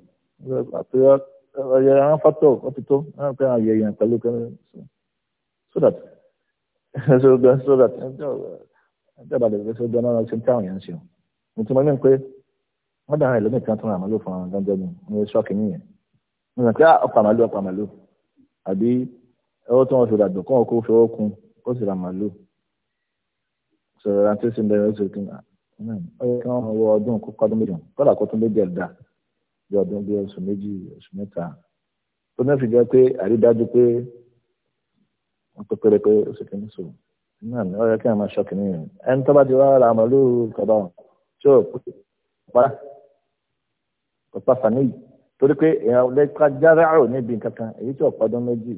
àti ọyẹ àwọn fọ́tò ó ti tó náà pé àwọn yẹyẹ pẹ̀lú kẹlẹ so that so that so that ẹjọ́ ìbàdàn ìgbésẹ̀ ọjọ́ náà ṣe ń tẹ àwọn yẹn ń ṣe mo ti mọ ní pé wọ́n dà àwọn ẹlòmíì kan tó ràn án ló fún àwọn gánjọ́ mi ní ṣọ́ọ̀kì nìyẹn mo sọ pé fi rà dùn kó wọn kó fi kun kó sì rà sọ̀rọ̀ ra tí ó sì ń bẹ̀rẹ̀ oṣù tó ń ọ yẹ kí wọ́n mọ owó ọdún kọ́kọ́ ọdún méjì kọ́dà kó tún méjì ẹ̀dá bí ọdún bí oṣù méjì oṣù mẹ́ta tó náà fi jẹ́ pé àrídájú pé wọ́n tó péré pé oṣù kìíní sọ náà ni ọ yẹ kí wọ́n máa ṣọ́ọ̀kì nìyẹn ẹni ti wá ra àmọ́ lóru kọ̀dọ̀ tó para kò pa sàníyì torí pé èèyàn eh, lẹ́ka jára àrò níbi nǹkan kan èyí tí ọ̀pọ̀ ọdún méjì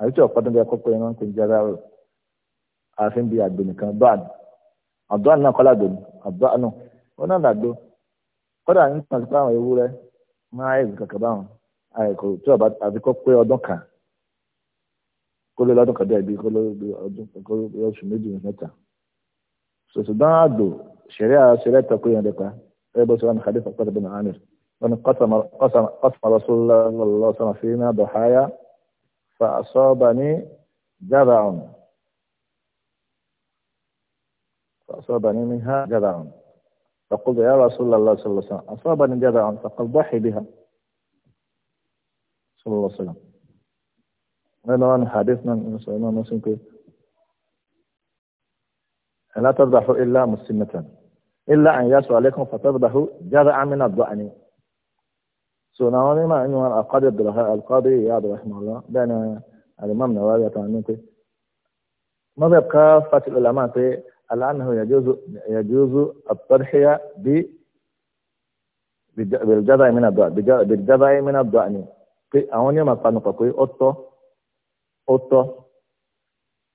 àyíkí ọ̀pọ̀ ọdún bí akọ́kọ́ yẹn máa ń pè jára àrò àfi ń bi àgbè nìkan àdúrà náà kọ́lá dòdò àdúrà náà ó náà dàgbò kọ́dà ń tàn sí pé àwọn ewúrẹ́ máa ẹ̀sìn kankan báwọn àìkò tí ọba àti kọ́ pé ọdún kan kó lé lọ́dún kan dé ibi kó lé ọdún kó lé oṣù méjì mẹ́ta ṣùgbọ́n àdò ṣẹ̀rẹ́ ṣẹ̀rẹ́ tọ́kọ yẹn dẹ́pa ẹ bó ṣe kàdé fún pẹ́tẹ́ bínú wọn qasama rasulullah sallallahu alaihi فأصابني منها جذع فقلت يا رسول الله صلى الله عليه وسلم أصابني جذع فقد ضحي بها صلى الله عليه وسلم هذا أنا حديثنا مسلم مسلم لا تذبحوا إلا مسلمة إلا أن يسوى عليكم فتذبحوا جذعا من الضعن سيدنا ما أنه القاضي القاضي عبد رحمه الله بين الإمام نووي يتعنيك ما يبقى فاتل العلماء على أنه يجوز يجوز التضحية ب بالجذع من الضأن بالجذع من الضأن àwọn onímọ̀ panupọ̀ pé ó tọ́ ó tọ́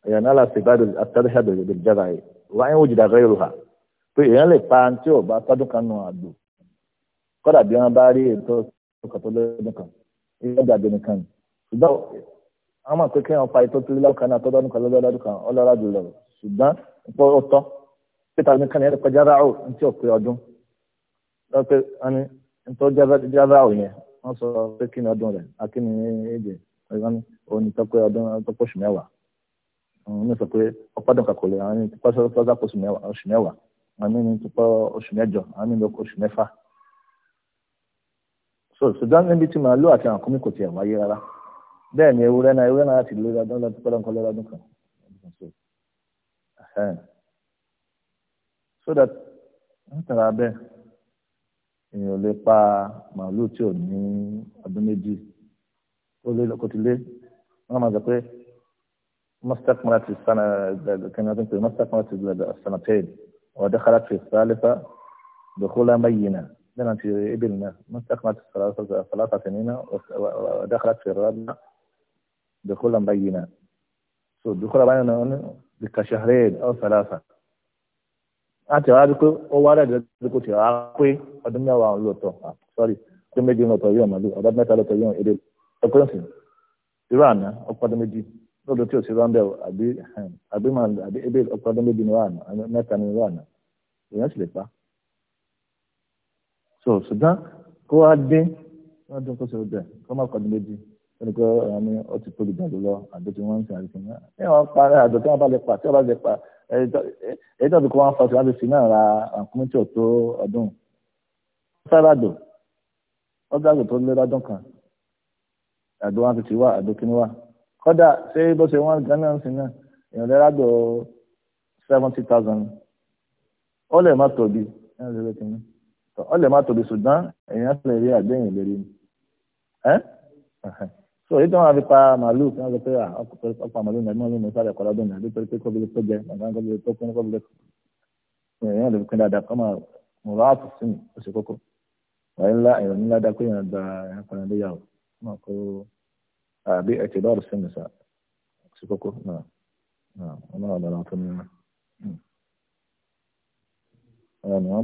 èèyàn aláṣẹ̀bádò àtẹ́lẹ́sẹ̀dò ìjọba yìí wáyé wò jìdá rẹ́rù hà pé èèyàn lè pa tí ò bá tọ́dún kan nù àdó kọ́dà bí wọ́n bá rí ètò ọkọ̀ tó lọ́dún kan ilé ọjà bẹ̀rẹ̀ kan ṣùgbọ́n àwọn mọ̀ pé kí wọ́n pa ètò tó lọ́dún kan náà tó lọ́dún kan lọ́dún kan ọlọ́ra jùlọ ṣùgbọ́n ìpọ́ ọtọ́ pété àwọn kan yẹn kọjá ráò ní tí ò pé ọdún lọ́pẹ́ ẹni tó já ráò yẹn wọ́n sọ pé kí ni ọdún rẹ̀ akíní èdè ẹ̀rọ òní tó pé ọdún tó pé oṣù mẹ́wàá òun ní sọ pé ọpọ́dún kàkó lè àwọn tó pọ́ sọ́dọ́ pọ̀ oṣù mẹ́wàá oṣù mẹ́jọ bẹ́ẹ̀ ni ewúrẹ́ náà ewúrẹ́ náà láti lóra dán lọ́dún pẹ́lú nǹkan lọ́dún kan so that látara bẹ́ẹ̀ èèyàn lè pa màálùú tí ò ní ọdún méjì ó lé lọ́kọ́ ti lé wọ́n máa sọ pé mọ́sítákùnrin àti kẹ́ni ọdún pé mọ́sítákùnrin àti sanatẹ́ẹ̀dì ọ̀dẹ́kára ti sálẹ́fà dòkólá mẹ́yìnà lẹ́nà ti ebìnrin náà mọ́sítákùnrin àti sàlátà tẹ̀mínà ọ̀dẹ́kára ti rọ́ọ̀dá. دخولا بينا so دخولا بينا نقول كشهرين أو ثلاثة àti àwọn àdúgbò ó wá rẹ̀ lọ́dún tí wàá pé ọdún mẹ́wàá ń lò tọ̀ sọ́rí ọdún méjì ń lò tọ̀ yóò màlúù ọdún mẹ́ta lò tọ̀ yóò èdè ọkùnrin irú àná ọ̀pọ̀ ọdún méjì lọ́dún tí ò sí rọ́ńdẹ̀ àbí àbí màá àbí ebè ọ̀pọ̀ ọdún méjì ni àná mẹ́ta ni wà àná èèyàn sì lè pa. so ṣùgbọ́n kó wá dé wọ́n dún kó ṣe ó kó má kọ́ ọdún méjì wọ́n ní kọ́ ọ̀rọ̀ ní ó ti tóbi jàdó lọ àdó tí wọ́n ń sin àdìsí náà ẹ̀ wọ́n pa àdó tí wọ́n bá lè pa tí wọ́n bá lè pa èyí tó ti kó wọn fa tí wọ́n ti fi náà ra àkúnmí tí ò tó ọdún sáradò ọ̀dàgbò tó lé lọ́dún kan àdó wọn ti ti wá àdó kí ni wá kódà ṣé bó ṣe wọ́n gan náà ń náà èèyàn lè rádò seventy thousand ó lè má tóbi ó lè má tóbi ṣùgbọ́n èèyàn lè rí àgbẹ̀yìn lérí ẹ́ so èyí tí wọ́n fi pa màálù kí wọ́n sọ pé ah, ọ̀pọ̀ màálù ní ẹ̀gbọ́n lónìí sáré ọ̀kọ́lá dùn àbí pé kóbílẹ̀ tó jẹ ọ̀gá kóbílẹ̀ tó kún kóbílẹ̀ tó èèyàn lè fi kí dáadáa kọ́mà mọ̀rọ̀ àpò sí mi oṣù kókó wàá ńlá ìrọ̀ ńlá dáa pé èèyàn gba ẹ̀yàn kan lé yàwó kọ́mà kó àbí ẹ̀tì lọ́ọ̀rù sí mi sá oṣù kókó náà ọ̀nà ọ̀dọ̀ tó ní hmm. ọ̀nà ni wọ́n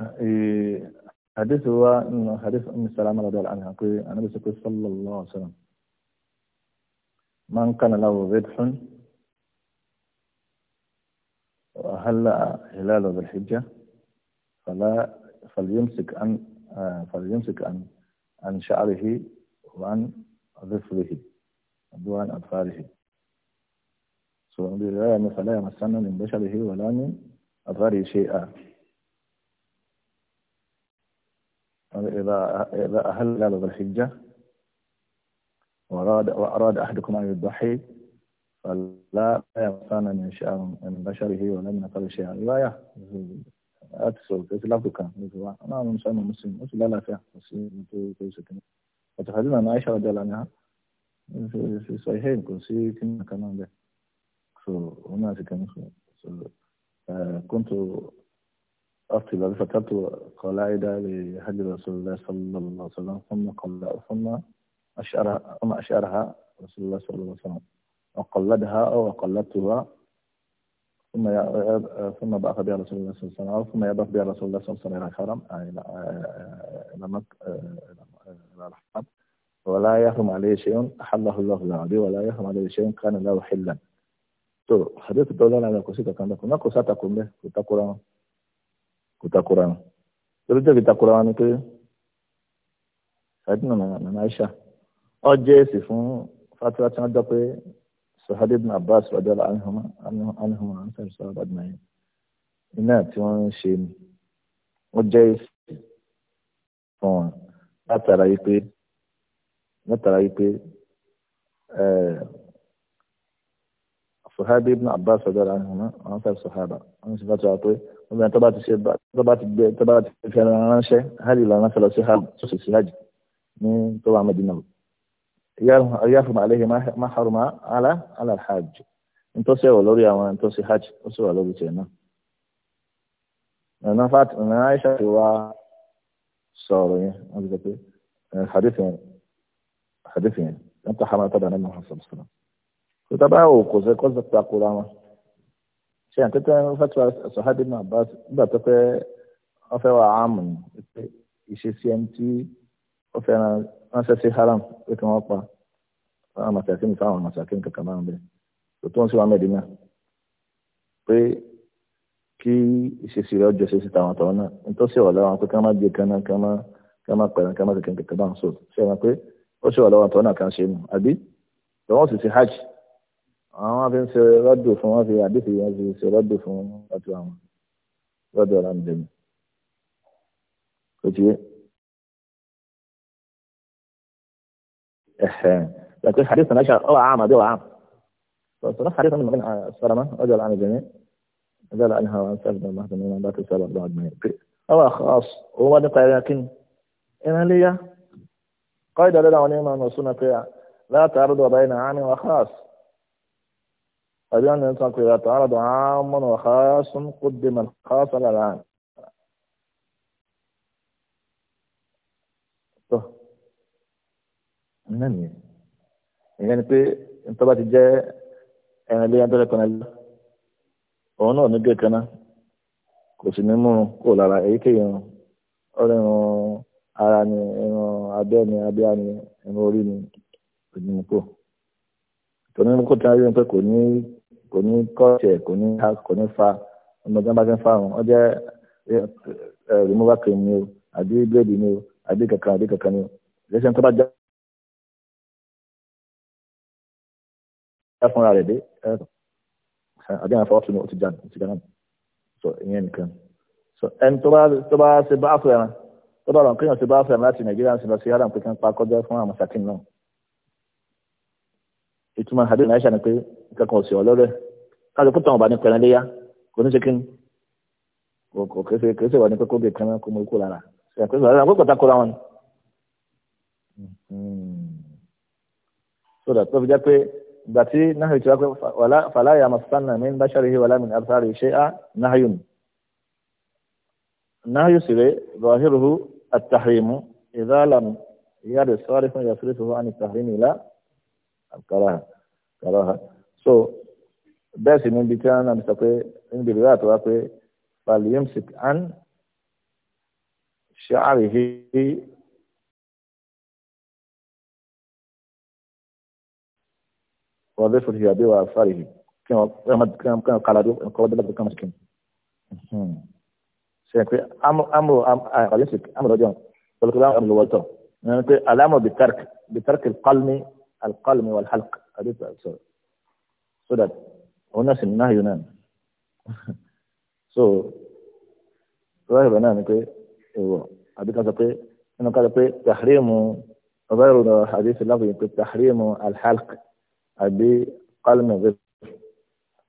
إيه، حديث هو حديث أم السلام رضي الله عنها قوي أنا بس قوي صلى الله عليه وسلم من كان له ذبح وهلا هلال ذي الحجة فلا فليمسك عن آه، فليمسك عن عن شعره وعن ظفره وعن أظفاره سبحان الله مثلا ما من بشره ولا من أظفاره شيئا إذا إذا أهل ليلة ذي الحجة وأراد وأراد أحدكم أن يضحي فلا يغتان من شعر من بشره ولا من شيء شعر رواية أتسول تسلافك أنا مسلم مسلم لا لا فيها مسلم تسكن وتحدثنا عن عائشة رضي الله عنها في صحيحين كل شيء كنا كمان ده so هنا آه، كنت أصل الفتاة قلائد لهدي رسول الله صلى الله عليه وسلم ثم قل ثم أشعرها ثم أشعرها رسول الله صلى الله عليه وسلم وقلدها أو قلدتها ثم ثم بعث بها رسول الله صلى الله عليه وسلم ثم يبعث بها رسول الله صلى الله عليه وسلم إلى الحرم إلى إلى مكة إلى الحرم ولا يحرم عليه شيء أحله الله له به ولا يحرم عليه شيء كان له حلا. تو حديث الدولة على كوسيتا كان لكم ما كوساتا كومبي كوتا كورا kò takora wọn torí tó fi takora wọn ni pé sàdínà nàná aisha ọ jẹ́ fún fatima tí wọ́n dọ́ pé sahadi ibn abbas rajala anihuma anihuma ansari sahaba adinayi iná tí wọ́n ń ṣe ni wọ́n jẹ́ èsì fún wọn látara yìí pé látara yìí pé sahabi ibn abbas rajala anihuma ansari sahaba wọ́n sì bá tó pé omi àti ọba ti ṣe tọba ti gbẹ tọba ti fi ẹran ránṣẹ́ hajj lọ ránṣẹ́ lọ sí hajj tó sì sí hajj ní tọba Madina ìyá fún alẹ́ yìí má haruma ala ala hajj ntọ́sí ẹ̀wọ̀ lórí àwọn ntọ́sí hajj ó sì wà lórí tiẹ̀ náà. nana fat nana Aisha ti wá sọ̀rọ̀ yẹn wọ́n ti sọ pé eh, kò sẹ́ kó sẹ́ wọn ṣe àtẹ́tẹ́ fatuwa sọ̀hádì náà bá nígbà tó fẹ́ wọ́n fẹ́ wà áàmù ni pé ìṣesí ẹni tí ó fẹ́ ránṣẹ́ sí haram pé kí wọ́n pa àwọn màsàkín fáwọn màsàkín kankan máa ń bẹ̀ tó tó ń sí wa mẹ́dínà pé kí ìṣesí rẹ̀ ọjọ́ ṣe sí tàwọn àtàwọn náà nítorí ṣe wà lọ́wọ́ àwọn pé kí wọ́n má gbé kan náà kí wọ́n má kí wọ́n má pẹ̀lú kí wọ́n má kankan kankan bá ń sọ ṣe wọn pé ó ṣe wà lọ́wọ́ àtàwọn náà kan ṣe nù àbí lọ́wọ́ sì ti hajj àwọn afi ń ṣe rọ́dù fún wọn fi àdìsí wọn fi ṣe rọ́dù fún ọtún àwọn rọ́dù ọ̀la ń dẹnu kò tiẹ̀. لكن حديث نشأ أو عام أو عام فصراحة حديث من السلمة رجل عن الجميع قال أنها وأن سألت الله من من ذات السبب بعد ما أو خاص هو لكن إن لي قيد لنا ونعم السنة لا تعرض بين عام وخاص أبي أن الإنسان إذا تعرض عاما وخاص قدم الخاص على العام náà nìyẹn ìyẹn ni pé nítorí bá ti jẹ́ ẹran ilé abẹ́rẹ́ kan ẹlẹ́ òun náà ní gẹ̀ẹ́kan náà kò sì ní mú un kó lára èyíkéyìí irun ọ̀rọ̀ irun ara ni irun abẹ́ ni abíyá ni irun orí ni kò ní mú kó tòun ní mú kó tí wọ́n rí i pé kò ní kò ní kọ́ọ̀tì kò ní ha kò ní fa ọmọdé bá ti ń fa àwọn ọjọ́ eh, eh, removal cream ni o àbí blade ni o àbí kankan àbí kankan ni o lẹ́sẹ̀ tó bá já fúnra rẹ̀ dé àbí àwọn afọwọ́sùn ni o ti já o ti já náà so ìyẹn nìkan so ẹni tó bá tó bá ṣe bá fẹ́ràn tó bá rọ̀ kéèyàn ṣe bá fẹ́ràn láti nàìjíríà ṣe lọ sí yàrá nǹkan kan pa kọjá fún àwọn sàkín náà ìtumọ̀ hadith aisha ni pé kankan ọ̀sẹ̀ ọlọ́rẹ́ káàdì kó tọ̀wọ̀n bá ní pẹ̀lẹ́ léyà kò ní ṣe kí ni kò kése kése wà ní kókó bíi kẹrin kó mú ikú lára ṣe àpèsè ọ̀rẹ́ àwọn kòtà kóra wọn. sódà tó fi jẹ́ pé ìgbà tí náà ìtura pé fàlàyé àmàfàánà mi ń bá ṣàrí ìwà lámì àbúrò ṣe á náà yùn. náà sì rè lọ́hìrùhù àtàhìmù ìdálàmù àkàrà àkàrà ha so bẹ́ẹ̀ sì níbi tí wọ́n náà sọ pé níbi ìrírà tó wá pé pallium sick an ṣáàrìhì wọ́n lè fòrìhì àbí wàá fàrìhì kí wọ́n kàlà dó nǹkan wọ́n dábàá kàmá sikin ṣe pé amúrò pallium sick amúrò jọ pẹ̀lú pé wọ́n lè wọ́tọ̀ pé alámọ̀ bitark bitark القلم والحلق حديث so so that وناس النهي ينام so راهب أنا نقول إيوه أبي كان سقي إنه قال سقي تحريم غير حديث اللفظ يقول تحريم الحلق أبي قلم غير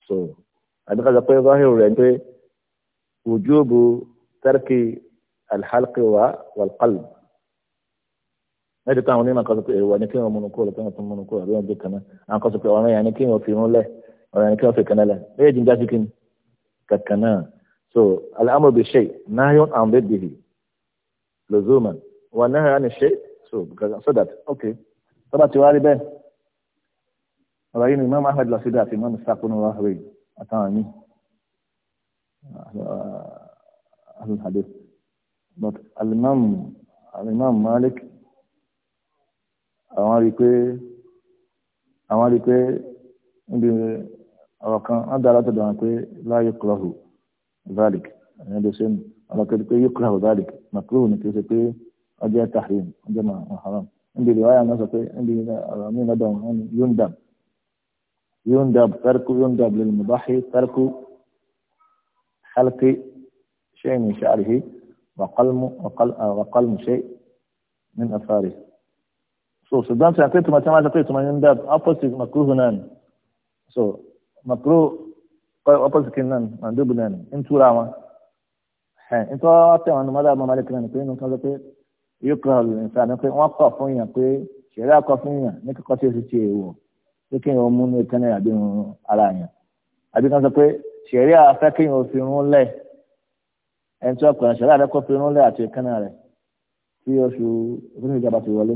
so أبي كان سقي ظاهر يعني وجوب ترك الحلق والقلب ẹ̀dí táwọn onímọ̀ kan sọ pé èèwọ̀ ni kí wọ́n múnú kó lọ kí wọ́n tún múnú kó àbí wọ́n gbé kan náà àwọn kan sọ pé ọ̀ràn yẹn ni kí fi irun lẹ̀ ọ̀ràn yẹn ni kí fi kan lẹ̀ méjèèjì ń sí kí ni náà so al-amru bi shay nahyun an biddihi luzuman wa nahya an shay so so that okay tó bá ti wá rí bẹ́ẹ̀ ọ̀rọ̀ yìí ni imam ahmed lọ sí dàtí imam but al-imam al-imam malik àwọn rí i pé àwọn rí i pé níbi ọ̀rọ̀ kan wọ́n dára tó dára pé láyé kúrọ̀hù valik ẹ̀yìn ló ṣe ń ọlọ́kẹ́ pé yóò kúrọ̀hù valik makruhu ni kì í ṣe pé ọjọ́ tahrim ọjọ́ maharam níbi ìlú ayé àwọn sọ pé níbi ọ̀rọ̀ mi lọ́dọ̀ wọn ni yóò ń dàm yóò ń dàm tẹ́rkù yóò ń dàm lil mubahi tẹ́rkù halqi shay min sha'rihi wa qalmu wa qalmu shay min afarihi. so ṣùgbọ́n tí a pé tuma tí a máa sọ opposite makruhu náà ni so makruhu opposite kí náà ni mandubu náà ni ń túra wọn ẹ̀ ń tọ́ tẹ̀ wọn ní mọ́tà àbọ̀ mọ́lẹ́kì náà ni pé nǹkan sọ pé yóò kọ́ ọ̀lù nìkan ni pé wọ́n kọ̀ fún yàn pé ṣẹ̀rí akọ fún yàn ní kíkọ́ tí o ti ṣe èèwọ̀ pé kí yàn ó mú ní ìkànnì àbí kan sọ pé ṣẹ̀rí afẹ́ kí yàn ó fi irun lẹ̀ ẹni tí wọ́n kọ̀ ṣẹ̀rí afẹ́ kó fi irun lẹ̀ àti ìkànnì rẹ̀ tí oṣù oṣù ìjọba ti wọlé.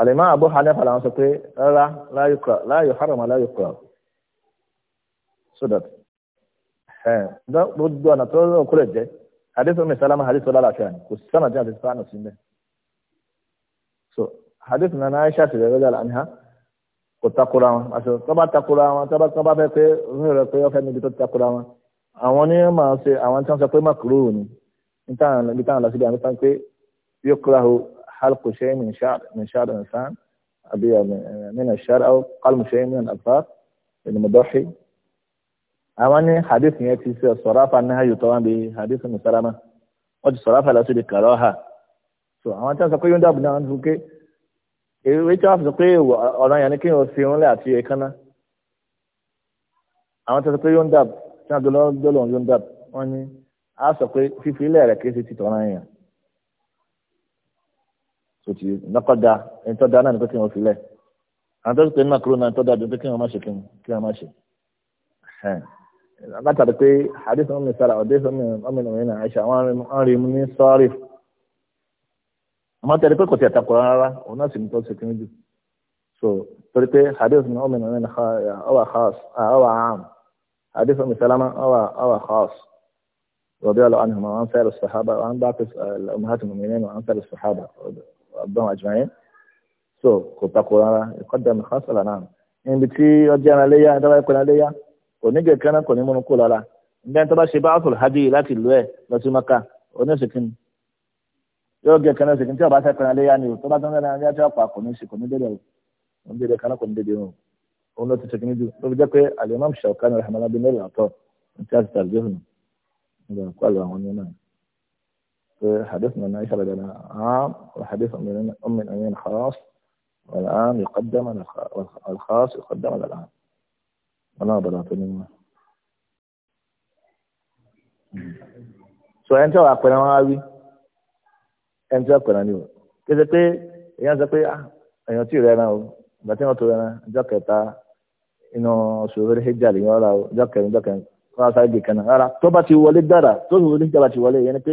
àlèmọ́ àbú hanifa làwọn sọ pé rárá láàyò haram láàyò kura so that eh, gbogbo ọ̀nà tó lọ́wọ́ kúrẹ̀ jẹ́ hadith omi salama hadith ọlá làkàá ni kò sí sánà tí a ti sá àná sí mẹ́ so hadith nana aisha ti rẹ̀ rẹ̀ lánàá ha kò takura wọn àti tó bá takura wọn tó bá tó bá fẹ́ pé òun rẹ̀ pé ọ̀fẹ́ níbi tó takura wọn àwọn ní máa ṣe àwọn tí wọ́n sọ pé má kúrò ní níta níta lọ síbi àmì pé yóò kúrò حلق شيء من شعر من شعر الإنسان أبي من الشعر أو قلم شيء من الأظفار المضحي أماني حديث يأتي في الصرافة أنها يطوان بحديث المسلمة وجه الصرافة لا تريد كراهة so àwọn tí wọ́n sọ pé yóò dáàbò náà ń fún ké ewé tí wọ́n sọ pé ọ̀ràn yẹn ni kí wọ́n fi wọn lé àti ẹ̀kánná àwọn tí wọ́n sọ pé yóò dáàbò tí wọ́n dọ́lọ́ dọ́lọ́ yóò dáàbò wọ́n ní á sọ pé fífi ilé rẹ̀ kéṣe ti tọ̀ràn yẹn sòtì nàkọ́dà ẹni tó da náà ní pé kí wọ́n filẹ̀ àwọn tó ti nà kúrò náà tó da ju pé kí wọ́n má ṣe kí wọ́n má ṣe. látàrí pé hadith mi sára ọdẹ mi ọmọ mi náà àṣà wọn rí mu ní sọ́ọ̀rì àmọ́ tẹ̀lé pé kò tẹ̀ takò rárá òun náà sì ní tó ṣe kí wọ́n jù so torí pé hadith ọmọ mi náà ọwà khas ọwà am hadith ọmọ mi sálámà ọwà ọwà khas rọ̀bí ọlọ́ àni ọmọ wọn fẹ́rẹ̀ sọ̀hábà wọn bá pẹ̀ eh, ọmọ ọgbọ́n àjùmáyé so kò takò rárá ẹ̀kọ́ dàmí kásọ̀lá náà níbi tí ọjà ara léyà dábàá ẹ̀kọ́ léyà kò ní gẹ̀ẹ́kẹ́ náà kò ní múnú kó lára nígbà tó bá ṣe bá ọ̀sọ̀rọ̀ hajj láti ìlú ẹ̀ lọ sí maka oníṣèkínì yóò gẹ̀ẹ́kẹ́ náà ṣèkínì tí ọba sẹ́kọ̀ọ́ léyà ni o tó bá tó ń rẹ̀ náà yájọ́ àpá o kò ní dédé kaná kò ní dédé o òun ló ti ṣèkínì jù ló fi jẹ́ pé alimami Shawkani rahmanabinir àtọ̀ ní حديثنا من عائشة لدينا عام وحديث أم الأمين خاص والآن يقدم الخاص يقدم على العام ولا ضرات منه so ẹni tí wàá pẹ̀lú àwọn awí ẹni tí wàá pẹ̀lú àwọn ìwò kéde pé èèyàn sọ pé èèyàn tí ì rẹ́ran o ìgbà tí wọ́n tó rẹ́ran ọjọ́ kẹta inú oṣù rẹ̀ hijab lèyìn ọ̀la o ọjọ́ kẹrin ọjọ́ kẹrin wọ́n sáré di kẹrin rárá tó bá ti wọlé dára tó sì wọlé hijab ti wọlé yẹn ni pé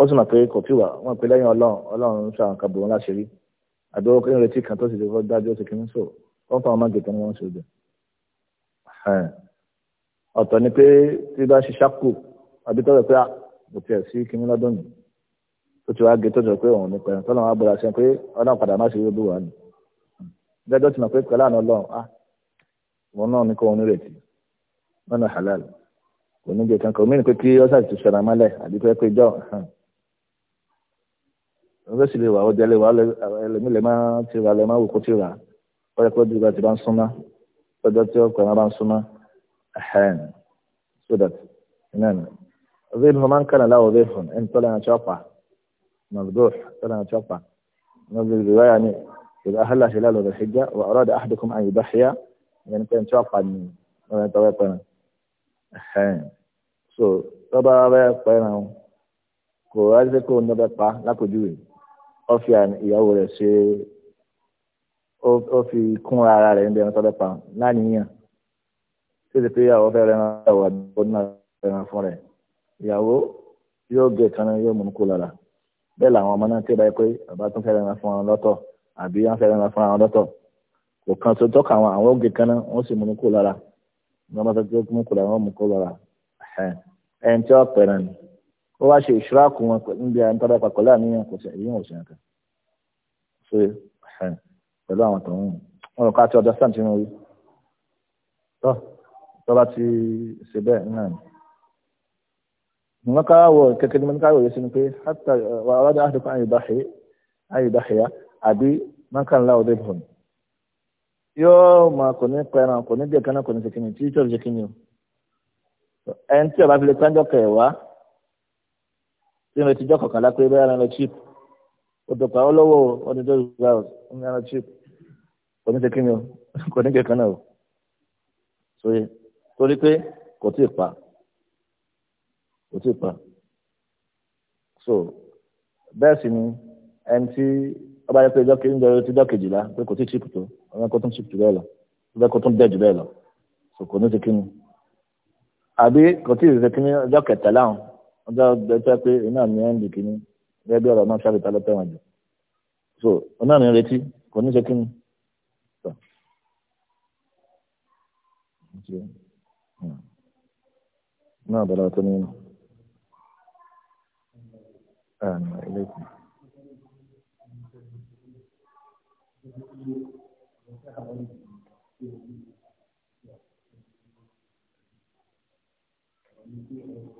ó sì mọ̀ pé kò tí wà wọ́n pe lẹ́yìn ọlọ́run ọlọ́run ń ṣàǹkà bò wọ́n láṣẹ rí àdúró kí n retí kan tó sì lè fọ́ dájú ó sì kí n sọ wọ́n fáwọn máa gẹ̀tọ́ ni wọ́n ṣe jù. ọ̀tọ̀ ni pé tí bá ṣe ṣákù àbí tọ́jọ́ pé kò ah, tiẹ̀ sí kíní lọ́dún yìí tó ti wá gé tọ́jọ́ pé òun ní pẹ̀lú tọ́lọ́ wọn agbára ṣe pé ọlọ́run padà má ṣe yóò bí wà ní. ìdájọ́ ti mọ̀ pé pẹ̀lú àná ọlọ́run ah wọn náà ní kó òun nírètí halal kò ní gé kankan omi ní pé kí ọ́sà ti ṣọ̀rọ̀ mọ́lẹ̀ rẹ́sì lè wà ọjà lè wà ẹlẹ́mí lè máa ti rà lè máa wò kó ti rà ọjà pé dùgbà ti bá ń súnmọ́ ọjà tí ọkọ̀ náà bá ń súnmọ́ ẹ̀hẹ́n so that iná ni. ọ̀rẹ́ ìlú máa ń kàn láwọ̀ ọ̀rẹ́ fún ẹni tọ́lá náà chọ́pà mọ̀lúdó tọ́lá náà chọ́pà mọ̀lúdó ìrìwáyà ni ìlú ahálà ṣe lálọ́ rẹ̀ ṣẹ́jà wà ọ̀rọ̀ dà áhùdùkùn so tọ́ba rẹ̀ pẹ̀rẹ̀ kò rájẹ́ kó ń ó fi ìyàwó rẹ̀ ṣe ó fi kún ara rẹ̀ níbi ẹran tọ́lẹ̀ pa láníyàn tí ó ti pé ìyàwó fẹ́ rẹran ìyàwó àdúgbò náà rẹran fún rẹ̀ ìyàwó yóò gé kanáà yóò mú kó lára bẹ́ẹ̀ làwọn ọmọ náà ti báyìí pé bàbá tún fẹ́ rẹran fún wọn lọ́tọ̀ àbí wọn fẹ́ rẹran fún wọn lọ́tọ̀ kò kan tó tọ́ka àwọn àwọn ògè kanáà wọ́n sì mú kó lára wọ́n bá tọ́jú mú kó lára wọ́n mú kó lára ẹ̀ẹ́n tí wọ́n pẹ̀rẹ̀ ni ó wá ṣe ìṣúráàkù wọn níbi àwọn tọ́lá papọ̀ láàmìyàn kò sí èyí ò sí nǹkan so pẹ̀lú àwọn tó wọn rò ká ti ọjọ́ sáà tí wọ́n rí tọ́ tọ́lá ti ṣe bẹ́ẹ̀ náà ni wọ́n ká wọ kékeré mọ́ ní káwọ̀ yẹn sí ni pé hátà wà á wájú àdúgbò àyùbáṣẹ́yà àbí mọ́kànlá ọdẹ bọ̀ ni yóò máa kò ní pẹ́ràn kò ní bí ẹ̀ka náà kò ní ṣe kíni tí yóò ṣe kíni tí mo ti jọ́ kọ̀ọ̀kan lápẹ́ bẹ́ẹ̀ ẹran lọ chip odò pàwọ́ lọ́wọ́ ọdún tó gbà ó ń ẹran chip kò ní ṣe kí ni o kò ní kẹ̀kẹ́ náà o torí pé kò tí ì pa kò tí ì pa so bẹ́ẹ̀ sì ni ẹni tí ọba yẹ pé ìjọ kejì ìjọ ti jọ kejìlá pé kò tí ì chip tó ọmọ kò tún chip jù bẹ́ẹ̀ lọ ọmọ kò tún dẹ̀ jù bẹ́ẹ̀ lọ so kò ní ṣe kí ni àbí kò tí ì ṣe kí ni ọjọ́ kẹtàlá ọ̀hún ọjọ́ ẹjọ́ pé iná ní ẹ̀ ń dìkì ní gẹ́gẹ́ bí ọ̀rọ̀ náà ṣàbìtà lọ́tẹ̀wọ̀n jù so iná ní retí kò ní ṣe kí ni. náà bẹ̀rẹ̀ ọ̀tún nínú. Thank you.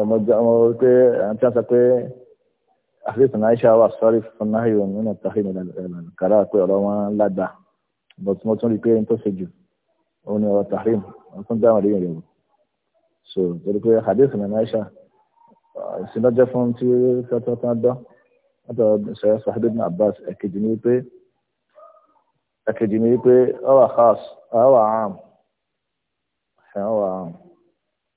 ọmọ pé àti àṣà pé àfihàn náà ṣe àwọn àṣọrí fún náà yóò nínú tàhíìn kàrà pé ọ̀rọ̀ wọn lágbà but mo tún rí i pé n tó ṣe jù òun ni ọ̀rọ̀ tàhíìn wọn tún dáhùn lẹ́yìn rẹ̀ wò so torí pé hadith náà náà ṣe ìsìnlọ́jọ́ fún tí fẹ́tọ́ tán dán látọ̀ sọ̀rọ̀ sahibin abbas ẹ̀kejì ni pé ẹ̀kejì ni pé ọwà khas ọwà am ọwà am.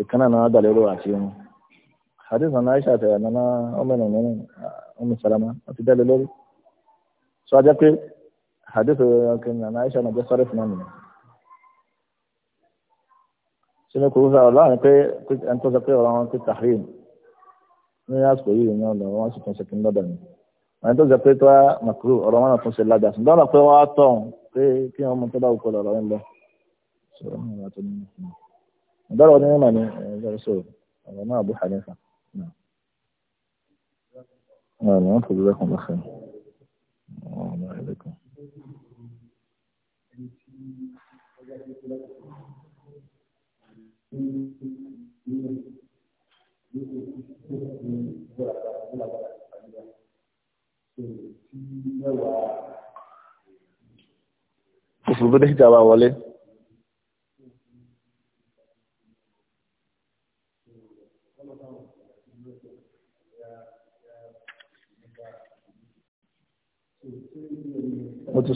ìkànnà náà dàlérò àti irun hadith na aisha àti nana ọmọ ẹ̀nà nínú ọmọ salama wọ́n ti dẹ́lẹ̀ lórí sọ ajẹ́ pé hadith nana aisha náà jẹ́ sọ́rí fún ọmọ nìyẹn sínú kò sọ ọlọ́run pé ẹni tó sọ pé ọ̀rọ̀ tahrim ní àsìkò yìí ni ọ̀nà wọn sì tún ṣe kí n lọ́dọ̀ ni ẹni tó sọ pé tó makuru màkúrò ọ̀rọ̀ wọn náà tún ṣe lájà sí dọ́nà pé wọ́n á tọ̀ pé kí wọ́n mú tó bá wù kọ́ lọ́rọ̀ ń lọ. sọ̀rọ̀ ضرب لنا معنى الرسول ما أبو حنيفة نعم نعم جزاكم الله خير الله عليكم Òṣèlú tó dé ìjàmbá wọlé.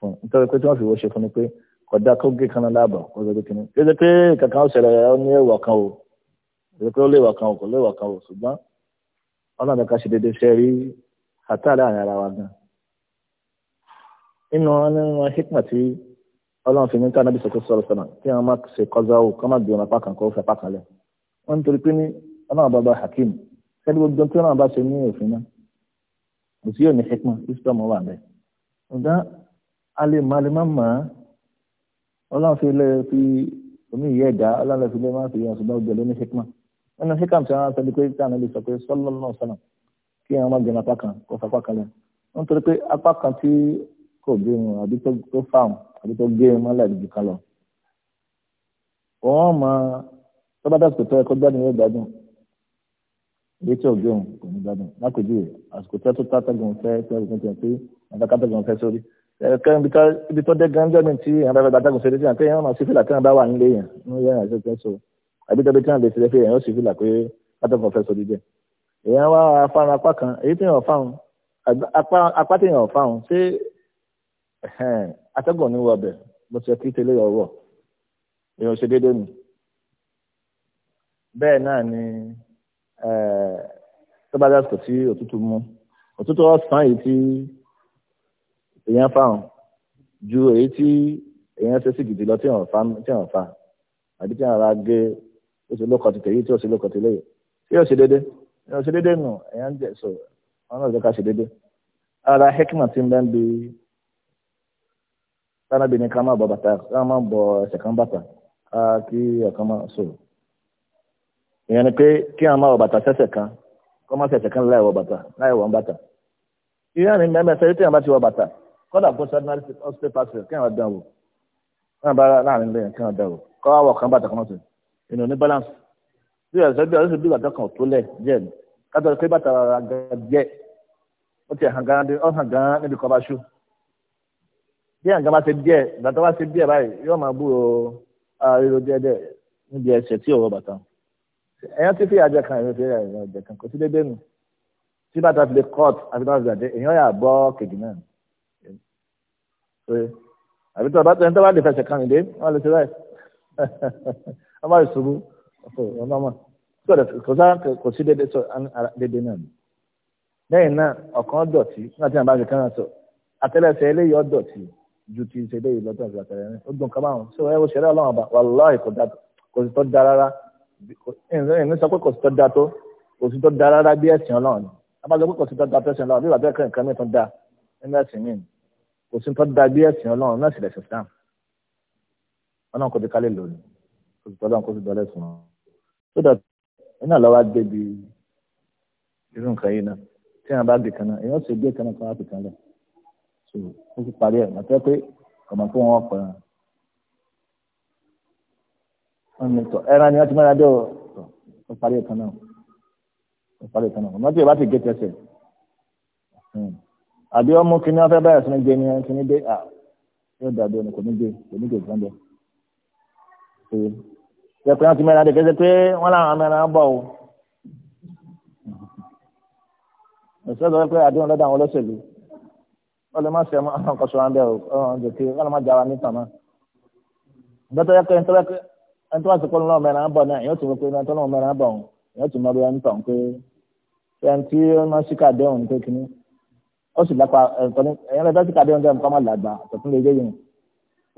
fún un nítorí pé tí wọ́n fi wo ṣe fún ni pé kódà kó gé kan lábọ̀ kó sọ pé kìnnì kí ṣe pé kankan ó ṣẹlẹ̀ ó ní ẹ̀wà kan o kí ṣe pé ó lé ẹ̀wà kan o kò lé ẹ̀wà kan o ṣùgbọ́n ọlọ́run ká ṣe déédéé ṣe rí àtà láàrin ara wa gan nínú nínú hikma tí ọlọ́run fi ní ká nábì sọ́kọ́ sọ̀rọ̀ sọ̀nà kí wọ́n má ṣe kọ́zá o kọ́ má gbé wọn apá kan kọ́ fẹ́ apá kan lẹ̀ wọ́n nítorí pé ní ọlọ́run bàbá hakim sẹ́ni gbogbo tí ọlọ́run bá ṣe ní òfin náà kò sí yóò ní hikma kristu ọmọ wà bẹ́ẹ̀ a lè mọ a lè má mọ ọlọ́run fi lè fi omi ìyá ẹ̀dá ọlọ́run fi lè má fi yàn ṣùgbọ́n ọjọ́ lóní hikma nínú hikam tí wọ́n sọ pé tí àwọn ẹbí sọ pé sallallahu sallam kí àwọn máa jẹun apá kan kó fapá kan lẹ wọ́n torí pé apá kan tí kò gé wọn àbí tó fáwọn àbí tó gé wọn mọ́lẹ̀ àdìjú kan lọ. wọ́n mọ tọ́bádà sọ̀tọ́ ẹ̀kọ́ gbádùn yóò gbádùn ilé tí ògé òun kò ní gbádùn lápèjúwe àsìkò tí wọ́n tó tá tẹ́gùn fẹ́ tẹ́gùn fẹ́ sórí Eh, kẹrin ibi tó dé gánjọ́ mi tí èèyàn bá fẹ́ gbàtàgùn ṣeré tí wọn kéèyàn máa ṣe fìlà tí wọn bá wà nílé yẹn ní yẹn àti ṣe so àbí tẹ́bi tí wọn lè ṣe fẹ́ èèyàn ó ṣe fìlà pé látọ̀kọ̀ fẹ́ sọ dídẹ̀ èèyàn wá afárun apá kan èyí tí èèyàn fáwọn apá tí èèyàn fáwọn ṣé atẹ́gùn ní wọ ọbẹ̀ bó ṣe kí tẹ́lẹ̀ yọ wọ̀ èèyàn ṣe déédéé nù bẹ́ẹ̀ náà ni eh, tó bá dásìkò tí òtútù mú òtútù ọ̀sán yìí tí èèyàn fáwọn ju èyí tí èèyàn ṣe sí gidi lọ tí wọn fa tí wọn fa àbí tí wọn ra gé oṣù lóko ti tèyí tí oṣù lóko ti lè tí yóò ṣe dédé yóò ṣe dédé nù èèyàn jẹ so wọn náà jẹ ká ṣe dédé ara hekima ti ń bẹ́ẹ̀ bi tánàbí ni ká má bọ bàtà ká má bọ ẹsẹ̀ kan bàtà ká kí ọ̀kan má so ìyẹn ni pé kí wọn má wọ bàtà sẹ́sẹ̀ kan kọ́ má sẹ̀sẹ̀ kan láì wọ bàtà láì wọ bàtà ìyá mi mẹ́mẹ́sẹ̀ tí wọn bá ti wọ bàtà kọ́dà bó ordinary hospital personnel kí wọ́n dán wò náà bá láàrin lẹ́yìn kí wọ́n dán wò kọ́ àwọ̀ kan bàtà kan náà sẹ́yìn ìnù ní balance bí ọ̀sẹ̀ bí ọ̀sẹ̀ bí bàtà kan tó lẹ̀ jẹ́ ni kátó pé bàtà rà jẹ́ ó ti hàn gan ọ́ hàn gan níbi kan bá ṣú bí àǹgá bá ṣe díẹ̀ bàtà bá ṣe díẹ̀ báyìí yóò máa bú o ríro díẹ̀díẹ̀ níbi ẹsẹ̀ tí òwò bàtà ẹ̀yán ti fi àjẹ kan ẹ̀yán ti fi àjẹ kan kò sí déédéé nù tí bàtà fi lè cut àfi náà fi àjẹ èèyàn yà bọ́ kejì náà pé àbí tí ọba tẹ̀ ń tẹ́ bá lè fẹsẹ̀ kan ìdè wọn lè ṣe báyìí wọn bá lè ṣubú wọn bá mọ̀ kò sáà kò sí dédé sọ dédé náà ni lẹ́yìn náà ọ̀kan dọ̀tí nígbà tí àbájọ kan náà sọ àtẹ́lẹsẹ̀ eléyìí ọ̀ dọ̀tí ju ti ṣe eléyìí lọ́tọ̀ àti àtẹ̀lẹ́ ní ó dùn kábàáhùn ṣé wọ́n ẹ wo ṣẹlẹ̀ ọlọ́run ọba wàláì kò sí tó da rárá ẹ̀yìn sọ pé kò sí tó da tó kò sí tó da rárá bí ẹ̀sìn ọlọ́run ni àbájọ pé kò sí tó da tó ẹ̀sìn ọlọ́run bí ìwà bẹ́ẹ̀ kẹ́kẹ́ mi tó da ẹ̀mí ẹ̀sìn mi kò sí tó da bí ẹ̀sìn ọlọ́run náà sì lẹ̀sìn Islam ọlọ́run kò dé kálẹ̀ lónìí kò sì tọ́lọ́run kò sì dọ́lẹ̀ sùn ọ́n tó dọ̀ iná lọ́wọ́ débi irú nǹkan yìí náà tí wọn bá bì kan náà èèyàn sì gbé kan náà kó wá bì kan lẹ̀ so ó ti parí ẹ̀ màtọ́ pé ọmọ tó wọn pẹ̀ wọn ni tọ ẹran ni wọn ti máa dájọ́ ó parí ẹ̀ kan náà ó parí ẹ̀ kan náà ọmọ tí yóò bá ti gé tẹ̀sẹ̀. Hmm àbí ọmọ kìnìún afẹ́ báyà sí ní gbé ní kìnìún dé à yóò dàbí ẹni kò ní gbé kò ní gbé ìgbọ́n bẹ́ẹ̀. ṣe pé wọ́n ti mẹ́ra dé kẹ́sẹ́ pé wọ́n làwọn mẹ́ra ń bọ̀ o. òṣèlú sọ pé àdéhùn lọ́dọ̀ àwọn olóṣèlú wọ́n lè má ṣe ọmọ ọkọ̀ ṣọ́ wọn bẹ́ẹ̀ o ọ̀hún jòkè wọ́n lè má jà wa ní tàmá. ìgbẹ́tọ̀ yẹ pé ẹni tó wá sí pé ọlọ́run náà mẹ́ra ń bọ̀ èèyàn ó sì lápá ẹ̀ńtọ́ni ẹ̀yìn rẹ̀ dásìkà dé oúnjẹ nǹkan máa làgbà àtọ̀tún lè dé yìí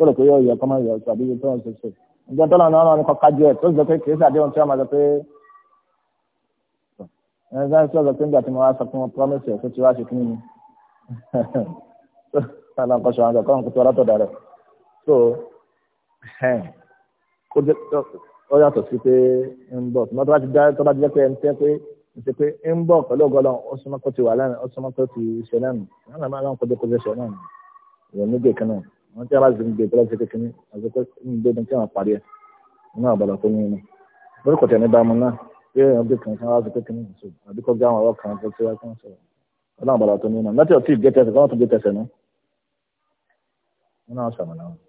ó rò pé yóò yẹ kọ́ máa yọ tàbí yóò tó ń ṣe ṣe ìjọ tó lọ́nà ọ̀nà kọ́ kájú ẹ̀ tó sì sọ pé kìí sàdéhùn tí wọ́n máa sọ pé ẹ̀yìn rẹ̀ sọ pé nígbà tí mo wá sọ fún wọn promise ẹ̀ tó ti wá ṣe kí ni alákọ̀ṣọ́ àwọn ọ̀kọ́ nǹkan tó ọlọ́tọ̀dà rẹ̀ so ó yàtọ̀ sí pé ń bọ̀ tó bá ti jẹ́ pé ẹni tẹ́ pé nse pé ń bọ̀ pẹ̀lú ọgọ́lọ́ ọsọmọkọ ti wà lánàá ọsọmọkọ ti ṣe lánàá wọn náà máa ń kọjá kọjá ṣe náà ìwọ nígbè kan náà wọn tí a bá ti gbé pẹ̀lú ọsẹ kékeré àti pé ń gbé ní kí wọn parí ẹ nínú àbàlọ tó yín ni lórí kọtẹ ní bámu náà pé èèyàn bí kan sáwọn àfikún kìíní ìṣó àbí kọ́ gáwọn ọ̀rọ̀ kan tó ti wá kí wọ́n sọ̀rọ̀ wọn náà àbàlọ tó yín náà láti ọtí ìgbẹ́tẹ̀sẹ̀ kọ́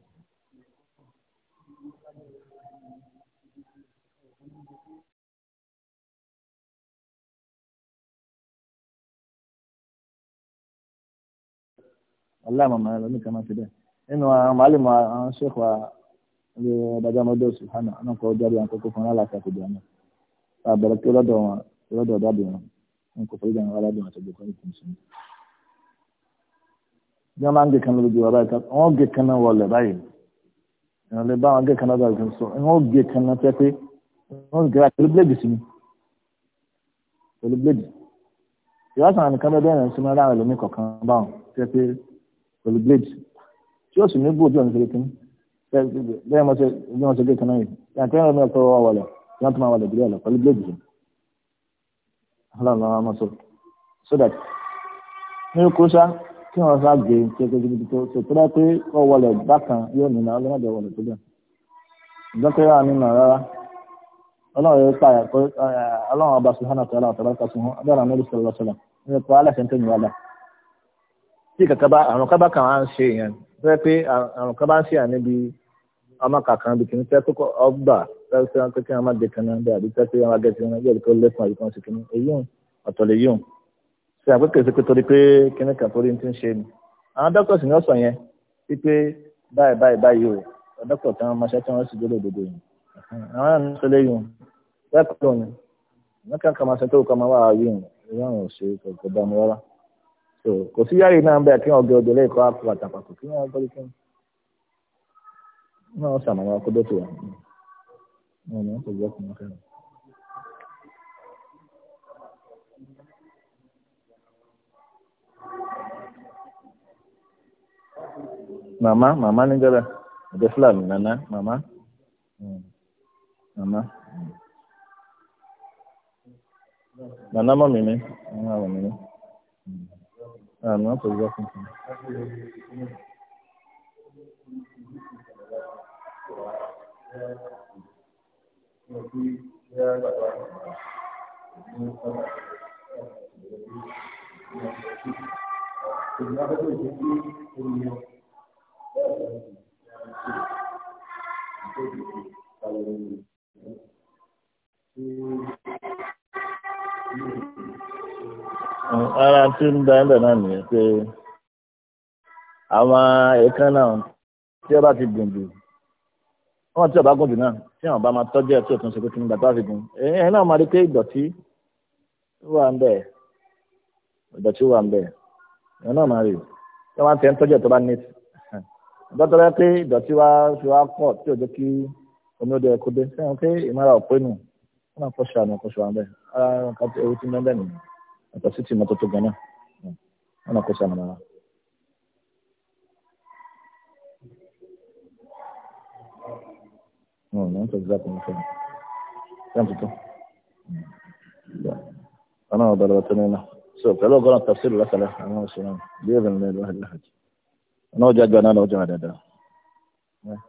aláàmàmà lónìí kan máa ti bẹ́ẹ̀ nínú àwọn màálùmọ́ àwọn ṣèkọ́ ilé ọ̀dájọ́ ọmọdé oṣù hànà ọ̀nàkọ̀ ọjọ́ àbí àkókò fún aláàfin àti ìjọba náà àbẹ̀rẹ̀ kí lọ́dọ̀ wọn lọ́dọ̀ ọ̀dọ́ àbí wọn wọn kò forí jàǹwá aládùn àti ìjọba ìkùn sí i. bí wọ́n máa ń gé kan lójú ọ̀rá ìka wọ́n gé kan náà wọlé báyìí ìrìn lè bá wọn gé kan náà báyìí sọ wọ́n gé kan náà tẹ́ pẹ̀lú blade tí ó sì ní bò tí ò ní ṣe kíní bẹ́ẹ̀ mo ṣe bí wọ́n ṣe gé kanáà yìí yàtọ̀ ẹ̀rọ mi ọ̀tọ̀ wọlé yàtọ̀ tó máa wọlé ìdílé ọ̀lẹ̀ pẹ̀lú blade yìí aláàlọ́ ọmọ sọ so that ní kó sá kí wọ́n sá gbé kékeré tó tó tó dá pé ọ wọlé bákan yóò nínú ọlọ́mọdé wọlé tó dẹ̀ ìdọ́kẹ́ yà nínú rárá ọlọ́run yóò pa ọlọ́run ọba sùhánà tó yàrá ọ̀tọ̀ bá kà sí wọn abẹ́rẹ́ àmì tí kankan bá àrùn kan bá kàn án ṣe yẹn fẹ́ pé àrùn kan bá ń ṣe àní bí ọmọ kàkan bí kìíní fẹ́ kókó ọgbà fẹ́ pé kí wọ́n má de kan náà bí àbí fẹ́ pé wọ́n má gẹ̀ sí wọn yóò kó lẹ́sùn àbí kan sí kìíní èyí ọ̀tọ̀ lè yóò ṣe àpékèsí pé torí pé kìíní kan torí ti ń ṣe ni àwọn dókítà sì ní ọ̀sán yẹn wípé báyìí báyìí báyìí o dókítà tí máṣẹ́ tí wọ́n sì dúró òdodo yìí àwọn náà sọ lẹ́yìn fẹ́ kọ́ ni mẹ́kàn kan máa tó kọ́ máa wà á yìí ìyá òun ò kò so kò sí yáyì náà bẹ́ẹ̀ kí wọ́n gé odò lẹ́ẹ̀kọ́ àpò àtàpàkò kí wọ́n gbọ́dọ̀ náà kò gbọ́ màmá màmá fúlàní nana màmá hmm. àmọ́ kò yọ kankan. Thank you ara tí ń da ẹ̀ńdà náà nìyẹn pé àwọn èékánná tí ó bá ti gùn jù wọn tí ó bá gùn jù náà tí àwọn bá máa tọ́jú ẹ̀ tí ó tún ṣe pé kí n gbà tó àfi gùn ẹ̀yìn náà máa rí pé ìdọ̀tí wà ń bẹ̀ ìdọ̀tí wà ń bẹ̀ ẹ̀yìn náà máa rí tí wọ́n ti ń tọ́jú ẹ̀ tó bá ní ìdọ́tọ́ rẹ pé ìdọ̀tí wa fi wá pọ̀ tí ò jẹ́ kí omi ó dé ẹ̀kú dé sẹ́yìn pé ìmọ̀ra òpin nù wọ́n máa fọ́ ṣàánú kó ṣ yàtọ̀ sí ti mọ́tótó gan náà wọn náà kó sàmùnà wa. No, no, to za tym się. Tam to. أنا ضربتنا هنا شوف لو قرأت تفسير الأسئلة أنا وسلام بإذن الله الواحد الأحد أنا وجاء أنا وجاء هذا